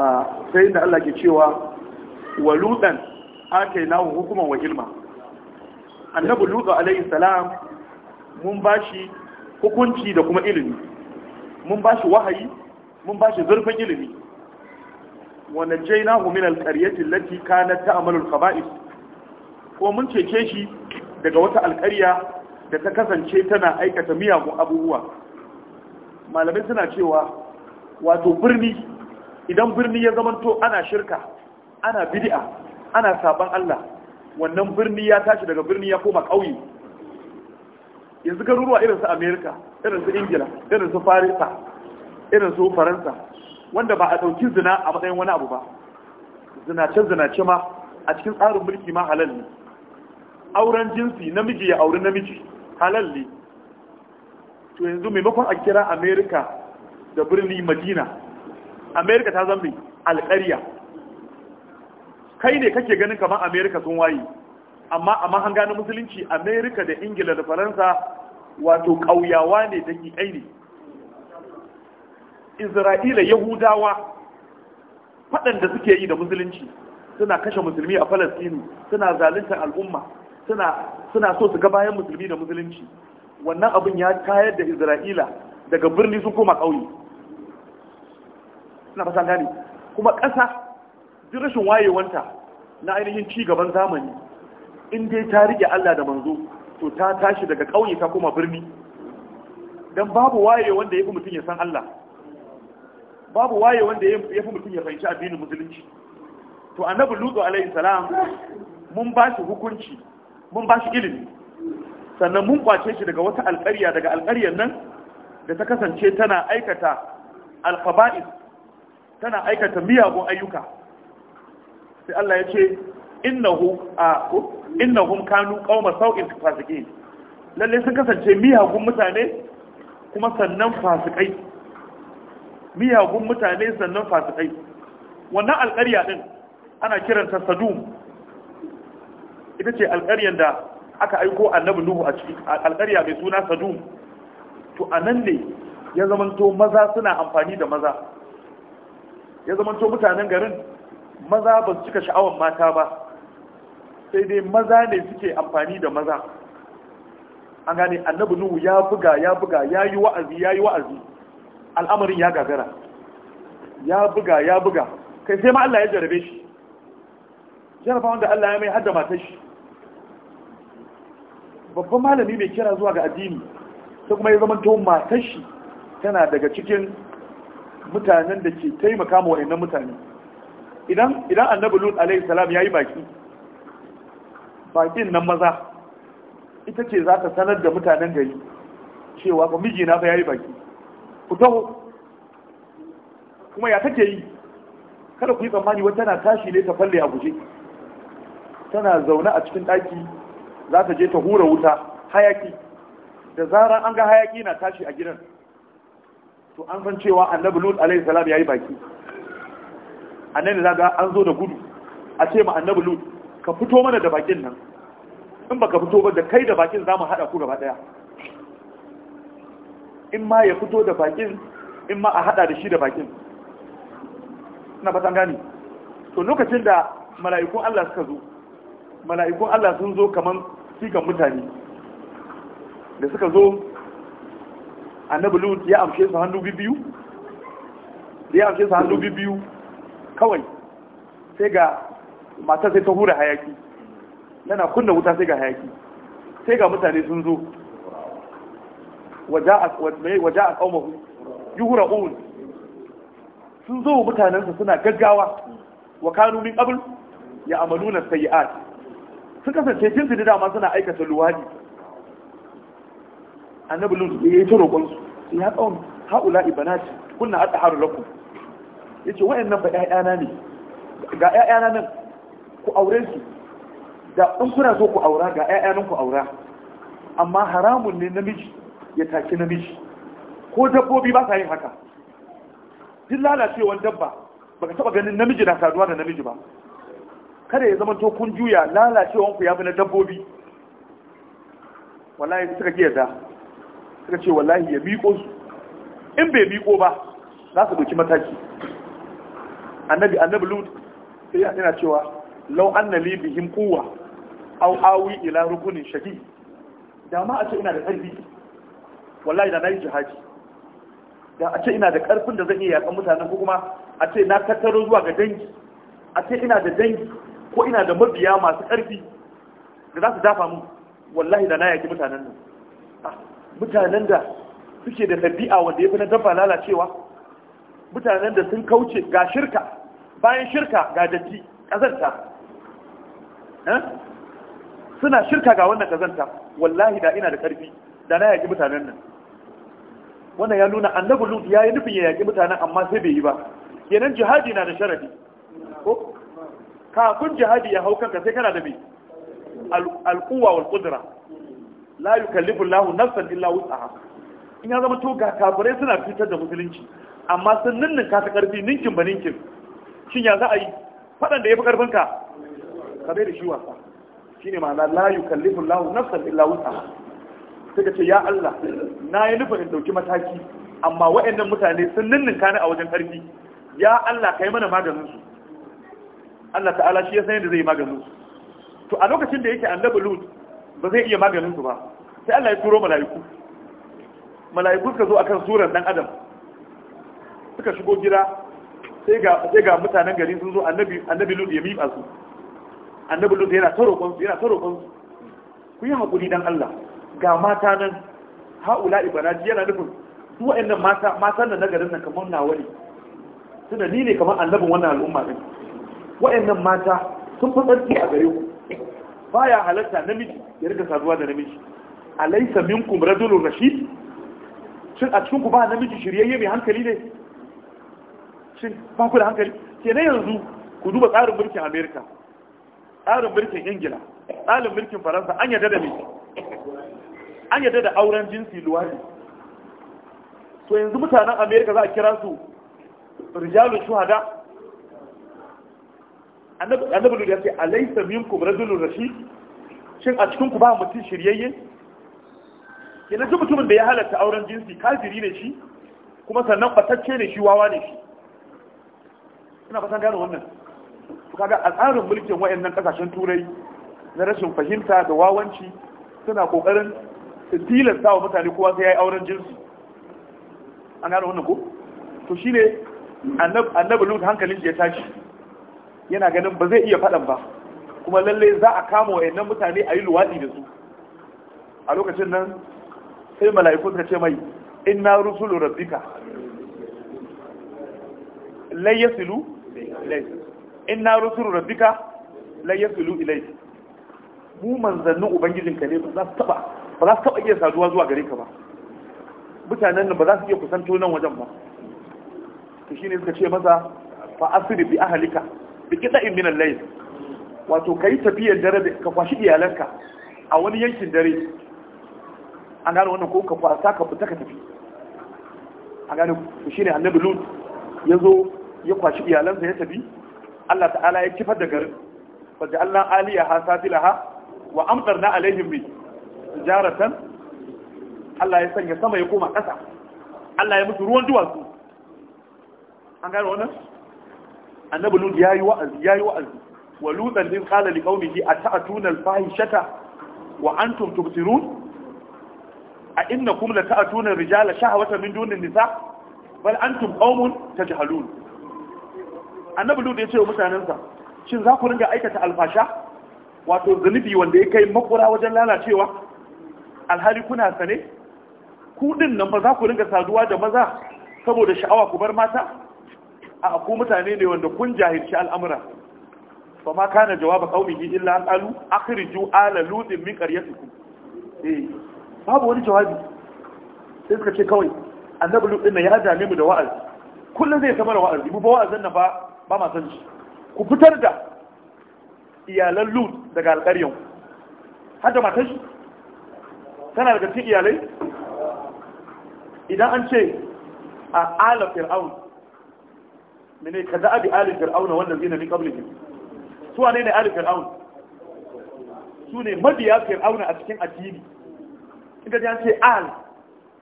ah, sai da Allah ke cewa waludan ake nawo hukuman wa annabi lutu alayhi salam mun bashi hukunci da kuma ilimi mun bashi wahayi mun bashi zurfin ilimi wa najaynahu min alqaryati allati kanat ta'malu alqaba'is ko mun cece shi daga wata alƙarya da ta kasance tana aikata miyagun abubuwa malamai suna cewa wato birni idan birni ya zamanto ana shirka ana bid'a ana saban Allah wannan birni ya tashi daga birni ya koma ƙauye yanzu garuruwa irin su amerika irin su ingila irin su farisa irin su faransa wanda ba a ɗauki zina a matsayin wani abu ba zinace zinace ma a cikin tsarin mulki ma halal ne auren jinsi namiji ya auri namiji halal ne to yanzu maimakon a kira amerika da birni madina amerika ta zambi alƙarya kai ne kake ganin kamar Amerika sun waye amma a an na musulunci Amerika da ingila da faransa wato ƙauyawa ne da ƙiƙai ne isra'ila yahudawa faɗanda suke yi da musulunci suna kashe musulmi a falastinu suna zalunta al'umma suna so su ga bayan musulmi da musulunci wannan abin ya tayar da isra'ila daga birni sun koma ƙauye suna fasa kuma ƙasa duk rashin wayewanta na ainihin ci gaban zamani in dai ta rike Allah da manzo to ta tashi daga ƙauye ta koma birni dan babu waye wanda yafi mutum ya san Allah babu waye wanda yafi mutum ya fahimci addinin musulunci to annabi lutu alaihi salam mun ba shi hukunci mun ba shi ilimi sannan mun kwace shi daga wata alƙarya daga alƙaryar nan da ta kasance tana aikata alfaba'is tana aikata miyagun ayyuka sai Allah ya ce innahu a innahum kanu qauma sau'in fasiqin lalle sun kasance miyagun mutane kuma sannan fasikai miyagun mutane sannan fasikai wannan alƙarya din ana kiranta sadum ita ce alƙaryar da aka aiko annabi nuhu a ciki alƙarya mai suna sadum to anan ne ya zamanto maza suna amfani da maza ya zamanto mutanen garin maza ba su cika sha'awar mata ba sai dai maza ne suke amfani da maza an gane annabi nuhu ya buga ya buga ya yi wa'azi ya yi wa'azi al'amarin ya gagara ya buga ya buga kai sai ma Allah ya jarabe shi jarafa wanda Allah ya mai hadda matar shi babban malami mai kira zuwa ga addini ta kuma ya zama to matar shi tana daga cikin mutanen da ke taimaka ma wa'annan mutane idan idan annabi lut alaihi salam yayi baki bakin nan maza ita ce za ta sanar da mutanen gari cewa ba miji na ba yayi baki ku taho kuma ya take yi kada ku yi tsammani wata tana tashi ne ta falle a guje tana zaune a cikin daki, za ta je ta hura wuta hayaki da zarar an ga hayaki na tashi a gidan to an san cewa annabi lut alaihi salam yayi baki da zaga an zo da gudu a ce ma annabi lut ka fito mana da bakin nan in baka fito ba da kai da bakin zamu hada ku gaba daya in ma ya fito da bakin in ma a hada da shi da bakin ina fatan gani to lokacin da mala'ikun Allah suka zo mala'ikun Allah sun zo kaman sikan mutane da suka zo annabi lut ya amshe su hannu biyu ya amshe su hannu biyu kawai sai ga mata sai ta hura hayaki yana kunna wuta sai ga hayaki sai ga mutane sun zo waje a ƙaumahu yi hura ohun sun zo mutanensa suna gaggawa wa kanu min ƙabul ya amalu na sayi'at sun kasance jinsu da dama suna aikata luwadi annabulun lulu ya yi ta roƙonsu ya ƙaun ha'ula ibanaci kunna a tsaharu lokacin Yace, ce nan ba ‘ya'yana ne ga ‘ya'yana nan ku aure su da in kuna so ku aura ga ‘ya'yanan ku aura amma haramun ne namiji ya taki namiji ko dabbobi ba sa yin haka duk lalacewar dabba ba ka taba ganin namiji na saduwa da namiji ba kada ya zama to kun juya lalacewan ku ya fi na dabbobi wallahi suka ki yarda suka ce wallahi ya miƙo su in bai miƙo ba za su ɗauki mataki annabi annabi lut sai yana cewa law anna li bihim quwwa aw awi ila rukunin shadid da ma a ce ina da karfi wallahi da nayi jihadi da a ce ina da karfin da zan iya yakan mutanen ko kuma a ce na tattaro zuwa ga dangi a ce ina da dangi ko ina da mabiya masu karfi da za su dafa mu wallahi da na yaki mutanen nan ah, mutanen da suke da tabi'a wanda ya fi na dafa lalacewa mutanen da sun kauce ga shirka bayan shirka ga datti kazanta eh? suna shirka ga wannan kazanta wallahi da ina da karfi da na yaki mutanen nan wannan ya nuna annabi lut ya yi nufin ya yaki mutanen amma sai bai yi ba kenan jihadi na da sharadi ko kafin jihadi ya hau kanka sai kana da bi alquwa wal qudra la yukallifu Allahu nafsan illa wus'aha in ya zama to ga kafirai suna fitar da musulunci amma sun ka ta karfi ninkin ba ninkin shin ya za a yi faɗan da ya fi ƙarfinka ka bai da shi wasa Shi ne ma'ana layu kallifin lawu nafsar illa wuta sai ka ce ya Allah na yi nufin in ɗauki mataki amma waɗannan mutane sun ninnin kani a wajen ƙarfi ya Allah ka yi mana maganin su Allah ta'ala shi ya san yadda zai yi maganin to a lokacin da yake annabi Lut ba zai iya maganin ba sai Allah ya turo mala'iku mala'iku suka zo akan suran dan adam suka shigo gida sai ga mutanen gari sun zo annabi annabi lut ya miƙa su annabi lut yana ta su yana ta su ku yi hakuri dan Allah ga mata nan haula ibanaji yana nufin su wa'annan mata matan nan na garin nan kamar nawa ne tunda ni ne kamar annabin wannan al'umma din wa'annan mata sun fi tsarki a gare ku baya halatta namiji ya rika saduwa da namiji alaysa minkum rajulun rashid shin a cikin ku ba namiji shiryayye mai hankali ne shin ba ku da hankali ke ne yanzu ku duba tsarin mulkin amerika tsarin mulkin ingila tsarin mulkin faransa an yadda da me an yadda da auren jinsi luwadi to yanzu mutanen amerika za a kira su rijalun shuhada annabi lulu ya ce alaisa minkum rajulun rashid shin a cikin ku ba mutum shiryayye duk mutumin da ya halatta auren jinsi kafiri ne shi kuma sannan batacce ne shi wawa ne shi suna fatan gane wannan su kaga a tsarin mulkin wayannan kasashen turai na rashin fahimta da wawanci suna kokarin su tilasta wa mutane kowa sai yayi auren jinsu an gane wannan ko to shine annabi lut hankalin shi ya tashi yana ganin ba zai iya faɗan ba kuma lalle za a kama wayannan mutane a yi luwaɗi da su a lokacin nan sai mala'iku suka ce mai inna rusulu rabbika lai yasilu in na rusuru rabbika la yasilu ilaiki mu manzannin ubangijinka ne ba za su taba ba za su taba iya saduwa zuwa gare ka ba mutanen nan ba za su iya kusanto nan wajen ba to shine suka ce masa fa asri bi ahlika bi qita'in min al-layl wato kai tafiyar dare da ka kwashi iyalanka a wani yankin dare an gane wannan ko ka kwasa ka fita ka tafi A gane shi ne annabi lut ya zo ya kwashi iyalansa ya tafi Allah ta'ala ya kifar da garin wadda Allah aliya ha safilaha wa amtar na alaihim bi jaratan Allah ya sanya sama ya koma ƙasa Allah ya mutu ruwan duwatsu an gano wannan annabi lut yi wa'azi yayi wa'azi wa lutan din qala li qaumihi ata'tuna al-fahishata wa antum tubsirun a innakum la ta'tuna rijala shahwatan min dunin nisa bal antum qaumun tajhalun annabi lut ya ce wa mutanensa shin za ku ringa aikata alfasha wato zunubi wanda ya kai makura wajen lalacewa alhali kuna sane ku din nan ba za ku ringa saduwa da maza saboda sha'awa ku bar mata a ku mutane ne wanda kun jahilci al'amura fa ma kana jawaba qaumihi illa an qalu akhriju ala lutin min qaryatikum eh babu wani jawabi sai suka ce kawai annabi lutin ya dame mu da wa'azi kullu zai samar wa'azi bu ba wa'azin nan ba ba ma san shi ku fitar da iyalan lut daga alƙaryan har da matashi shi tana daga cikin iyalai idan an ce a ala fir'aun ne ka a bi ala fir'aun wannan zina min ki? su wane ne ala fir'aun su ne mabiya fir'aun a cikin addini in ji an ce al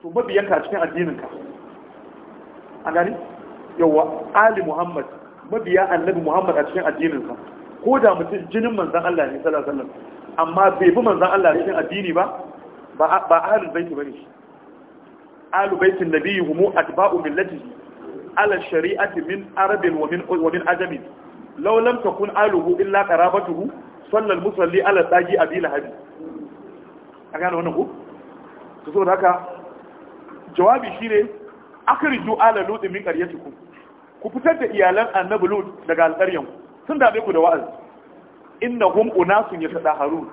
to mabiyanka a cikin addininka a gani yawwa ali muhammad mabiya annabi muhammad a cikin addininsa ko da mutum jinin manzan allah ne sallallahu alaihi amma bai bi manzan allah cikin addini ba ba ahlul baiti bane shi ahlul baitin nabiyyi humu atba'u millatihi ala shari'ati min arabin wa min wa min ajami law lam takun aluhu illa qarabatuhu salla al-musalli ala tsaji abi lahabi a gane wannan ku to saboda haka jawabi shine akhriju ala lutin min qaryatikum ku fitar da iyalan annabi lut daga alƙaryan sun dame ku da wa'azi innahum unasun yatadaharun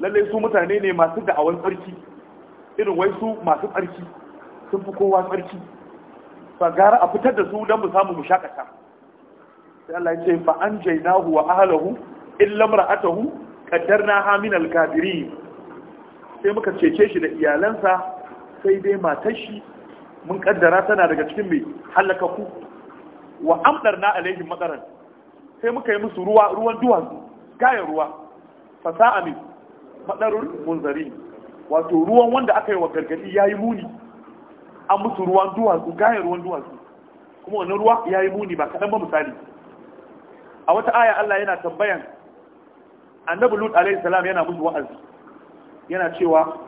lalle su mutane ne masu da'awan tsarki irin wai su masu tsarki sun fi kowa tsarki fa gara a fitar da su dan mu samu mu shakata sai Allah ya ce fa anjaynahu wa ahlihi illa qaddarna ha min al-kafirin sai muka cece shi da iyalansa sai dai matar shi mun kaddara tana daga cikin mai ku. wa amdarna alaihim madaran sai muka yi musu ruwa ruwan duwatsu gayar ruwa fasa'a min madarul munzari wato ruwan wanda aka yi wa gargadi yayi muni an musu ruwan duwatsu gayar ruwan duwatsu kuma wannan ruwa yayi muni ba kadan ba misali a wata aya Allah yana tambayan annabi Lut alaihi salam yana musu wa'azi yana cewa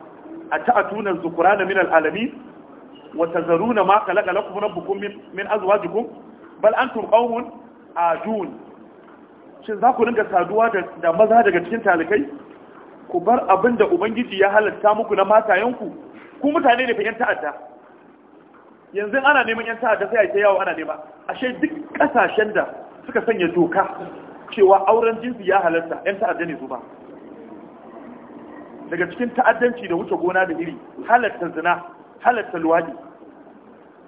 a ta'atuna zukurana min al-alamin wa tazaruna ma khalaqa lakum rabbukum min azwajikum bal antum qaumun ajun shin za ku ringa saduwa da maza daga cikin talikai ku bar abinda ubangiji ya halatta muku na matayenku ku mutane ne fa ta'adda yanzu ana neman yan ta'adda sai a ce yawo ana nema ashe duk kasashen da suka sanya doka cewa auren jinsi ya halatta yan ta'adda ne su daga cikin ta'addanci da wuce gona da iri halatta zina halatta luwadi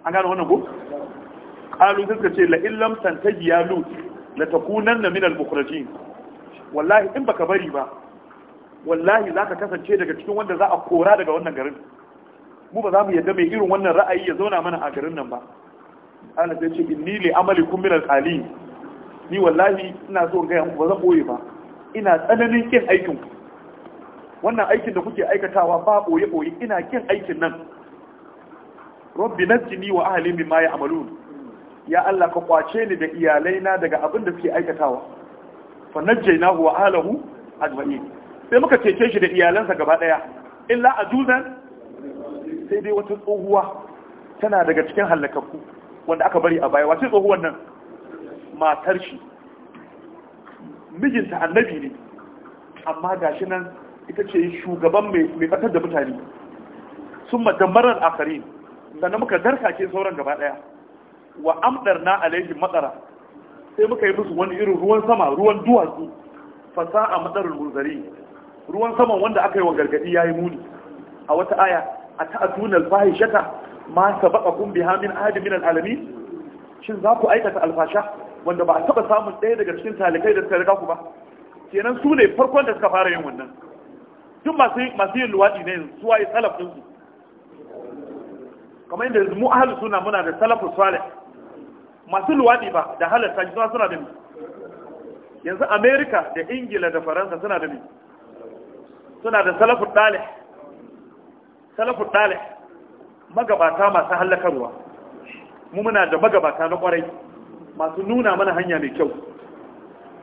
an gano wannan ko qalu suka ce la illam tantaji ya lut la na min al mukhrajin wallahi in baka bari ba wallahi zaka kasance daga cikin wanda za a kora daga wannan garin mu ba za mu yadda mai irin wannan ra'ayi ya zauna mana a garin nan ba Allah sai ce inni li kum min al-qalin ni wallahi ina so ga yan ba zan boye ba ina tsananin kin aikin ku wannan aikin da kuke aikatawa ba boye boye ina kin aikin nan rabbi najini wa ahli mimma ya'malun ya Allah ka kwace ni da iyalaina daga abin da suke aikatawa fa najjayna wa ahlihi ajma'in sai muka cece shi da iyalansa gaba daya illa ajuzan sai dai wata tsohuwa tana daga cikin halakakku wanda aka bari a baya wace tsohuwar nan matar shi mijinta annabi ne amma gashi nan ita ce shugaban mai fatar da mutane sun madammarar akarin sannan muka darkake sauran gaba daya wa amdarna alaihim matsara sai muka yi musu wani irin ruwan sama ruwan duwatsu fasa a matsarin munzari ruwan saman wanda aka yi wa gargadi ya yi muni a wata aya a ta'atuna alfahishata ma sabaqakum biha min ahadi min alalami shin za ku aikata alfasha wanda ba a taba samun ɗaya daga cikin talikai da suka riga ku ba kenan su ne farkon da suka fara yin wannan duk masu yin luwaɗi ne su waye salaf ɗinsu kamar yadda mu ahalu suna muna da salafu salih masu luwaɗi ba da halatta shi suna da mi yanzu amerika da ingila da faransa suna da mi suna da salafu ɗale salafu ɗale magabata masu hallakarwa mu muna da magabata na kwarai masu nuna mana hanya mai kyau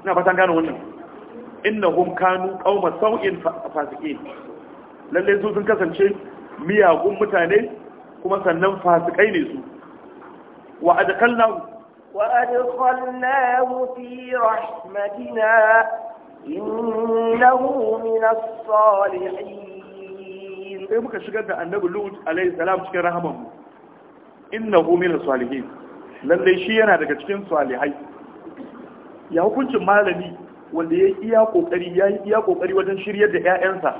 na fatan gane wannan hun kanu ƙauma sau'in fasiqin lalle su sun kasance miyagun mutane kuma sannan fasikai ne su wa adakallahu وأدخلناه في رحمتنا إنه من الصالحين إيه muka shigar da annabi lut alaihi salam cikin rahaman mu innahu min salihin lalle shi yana daga cikin salihai ya hukuncin wanda ya yi iya kokari ya yi iya kokari wajen shiryar da ƴaƴansa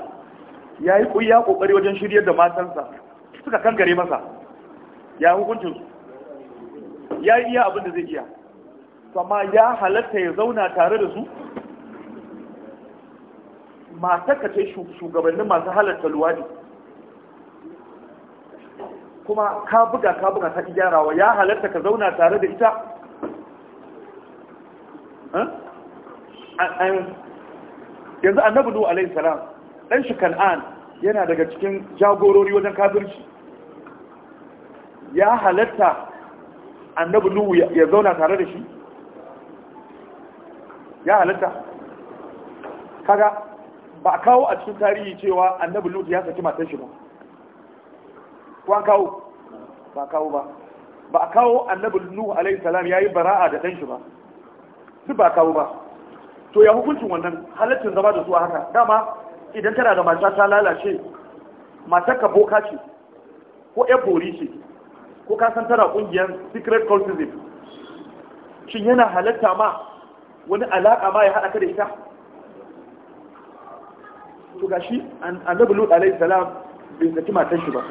ya yi iya kokari wajen shiryar da matansa suka kankare masa ya hukuncin su ya yi iya abin da zai iya amma ya halatta ya zauna tare da su ka ce shugabannin masu halatta luwadi kuma ka buga ka buga ta gyarawa ya halatta ka zauna tare da ita yanzu annabi nuhu alaihi salam dan shi kan'an yana daga cikin jagorori wajen kafirci ya halatta annabi nuhu ya zauna tare da shi ya halatta kaga ba a kawo a cikin tarihi cewa annabi nuhu ya saki matar shi ba ko an kawo ba kawo ba ba a kawo annabi nuhu alaihi salam yayi bara'a da dan shi ba duk ba kawo ba to ya hukuncin wannan halaccin zama da su haka dama idan tana da mata ta lalace mata ka boka ce ko ƴan bori ce ko ka san tana kungiyar secret cultism shin yana halatta ma wani alaka ma ya haɗa ka da ita to gashi annabi lut alaihi salam bai saki matan shi ba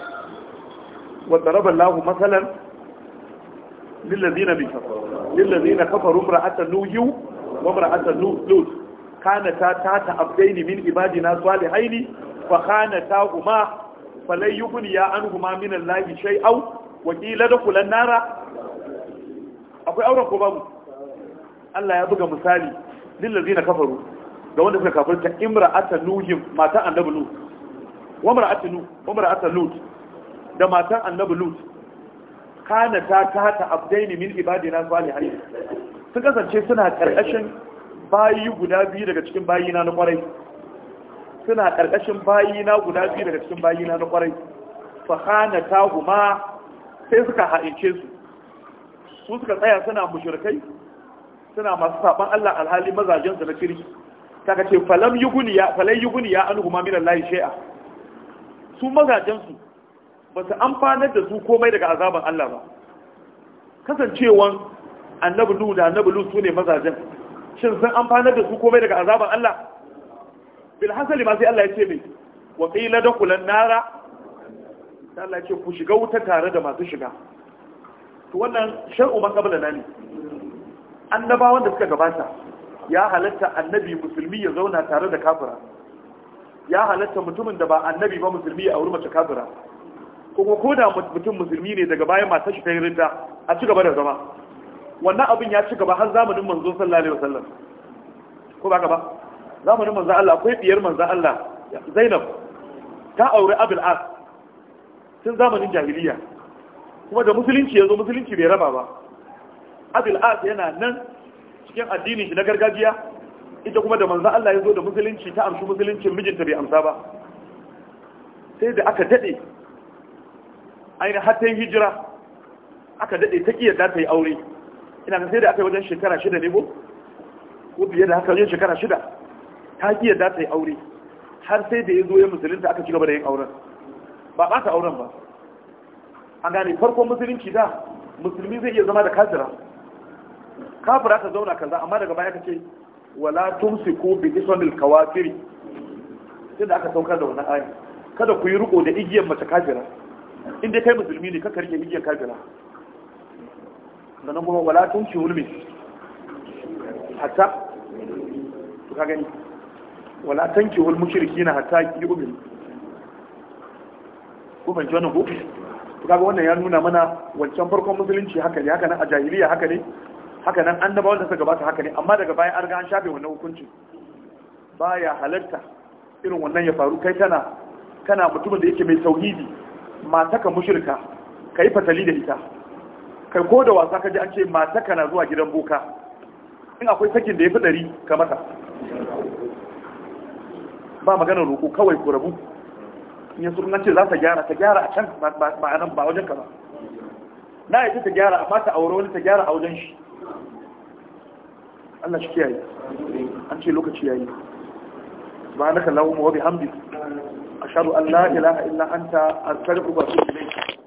wa daraba Allahu masalan lil ladina bi lil ladina kafaru imra'atan nuhu wa imra'atan lut kanata ta ta'abdaini min ibadina salihaini fa kanata huma falai yubni ya anhuma min Allahi shay'aw wakila da kulan nara akwai auren ko babu Allah ya buga misali lillazi na kafaru ga wanda suka kafirta imra'ata nuhim matan annabi lut wa imra'atu nu wa imra'ata lut da matan annabi lut kana ta tata abdaini min ibadina salihin sun kasance suna karkashin bayi guda biyu daga cikin bayina na kwarai suna karkashin na guda biyu daga cikin bayina na kwarai fa kana ta guma. sai suka haice su su suka tsaya suna mushrikai suna masu saban Allah alhali mazajen su na kirki kaga ce falam yuguniya falai yuguniya anhuma min Allah shay'a su mazajen su ba su amfanar da su komai daga azaban Allah ba kasancewan annabi nuhu da annabi lut sune mazajen shin sun amfanar da su komai daga azaban Allah bil hasali ma sai Allah ya ce mai wa qila dakhulan nara da Allah ce ku shiga wuta tare da masu shiga to wannan shar'u man qabla na ne annabawan da suka gabata ya halatta annabi musulmi ya zauna tare da kafira ya halatta mutumin da ba annabi ba musulmi ya auri mace kafira kuma ko da mutum musulmi ne daga bayan matar shi ta rinta a ci gaba da zama wannan abin ya ci gaba har zamanin manzon sallallahu alaihi wasallam ko ba ba zamanin manzon Allah akwai biyar manzon Allah Zainab ta aure Abul As tun zamanin jahiliya kuma da musulunci ya zo musulunci bai raba ba abil as yana nan cikin addinin shi na gargajiya ita kuma da manzan Allah ya zo da musulunci ta amshi musuluncin mijinta bai amsa ba sai da aka daɗe aina hatta hijira aka daɗe ta ƙiyar da ta yi aure ina ga sai da aka yi wajen shekara shida ne ko ko biye da aka yi shekara shida ta ƙiyar da ta yi aure har sai da ya zo ya musulunta aka ci gaba da yin auren ba ɓata auren ba an gane farkon musulunci da musulmi zai iya zama da kafira kafira ta zauna kaza amma daga baya ka ce wala tumsiku bi ismil kawafiri sai da aka saukar da wannan ayi kada ku yi riko da igiyar mace kafira in dai kai musulmi ne ka rike igiyar kafira sannan kuma wala tumsi ulmi hatta to ka gani wala tanki ul mushrikina hatta yu'minu ko fahimci wannan ko kaga wannan ya nuna mana wancan farkon musulunci haka ne haka nan a jahiliya haka ne haka nan annabawan da suka gabata haka ne amma daga baya an ga an shafe wannan hukuncin baya halarta irin wannan ya faru kai tana kana mutumin da yake mai tauhidi ka mushrika kai fatali da ita kai ko da wasa kaji an ce mata kana zuwa gidan boka in akwai sakin da ya fi ɗari ka mata ba maganar roƙo kawai ku rabu ya so ce za ta gyara ta gyara a can ma'anan ba wajen ka ba na yi ta gyara amma ta aure wani ta gyara a wajen shi Allah shi kiyaye an ce lokaci yayi subhanaka allahumma wa bihamdika ashhadu an la ilaha illa anta astaghfiruka wa atubu ilayk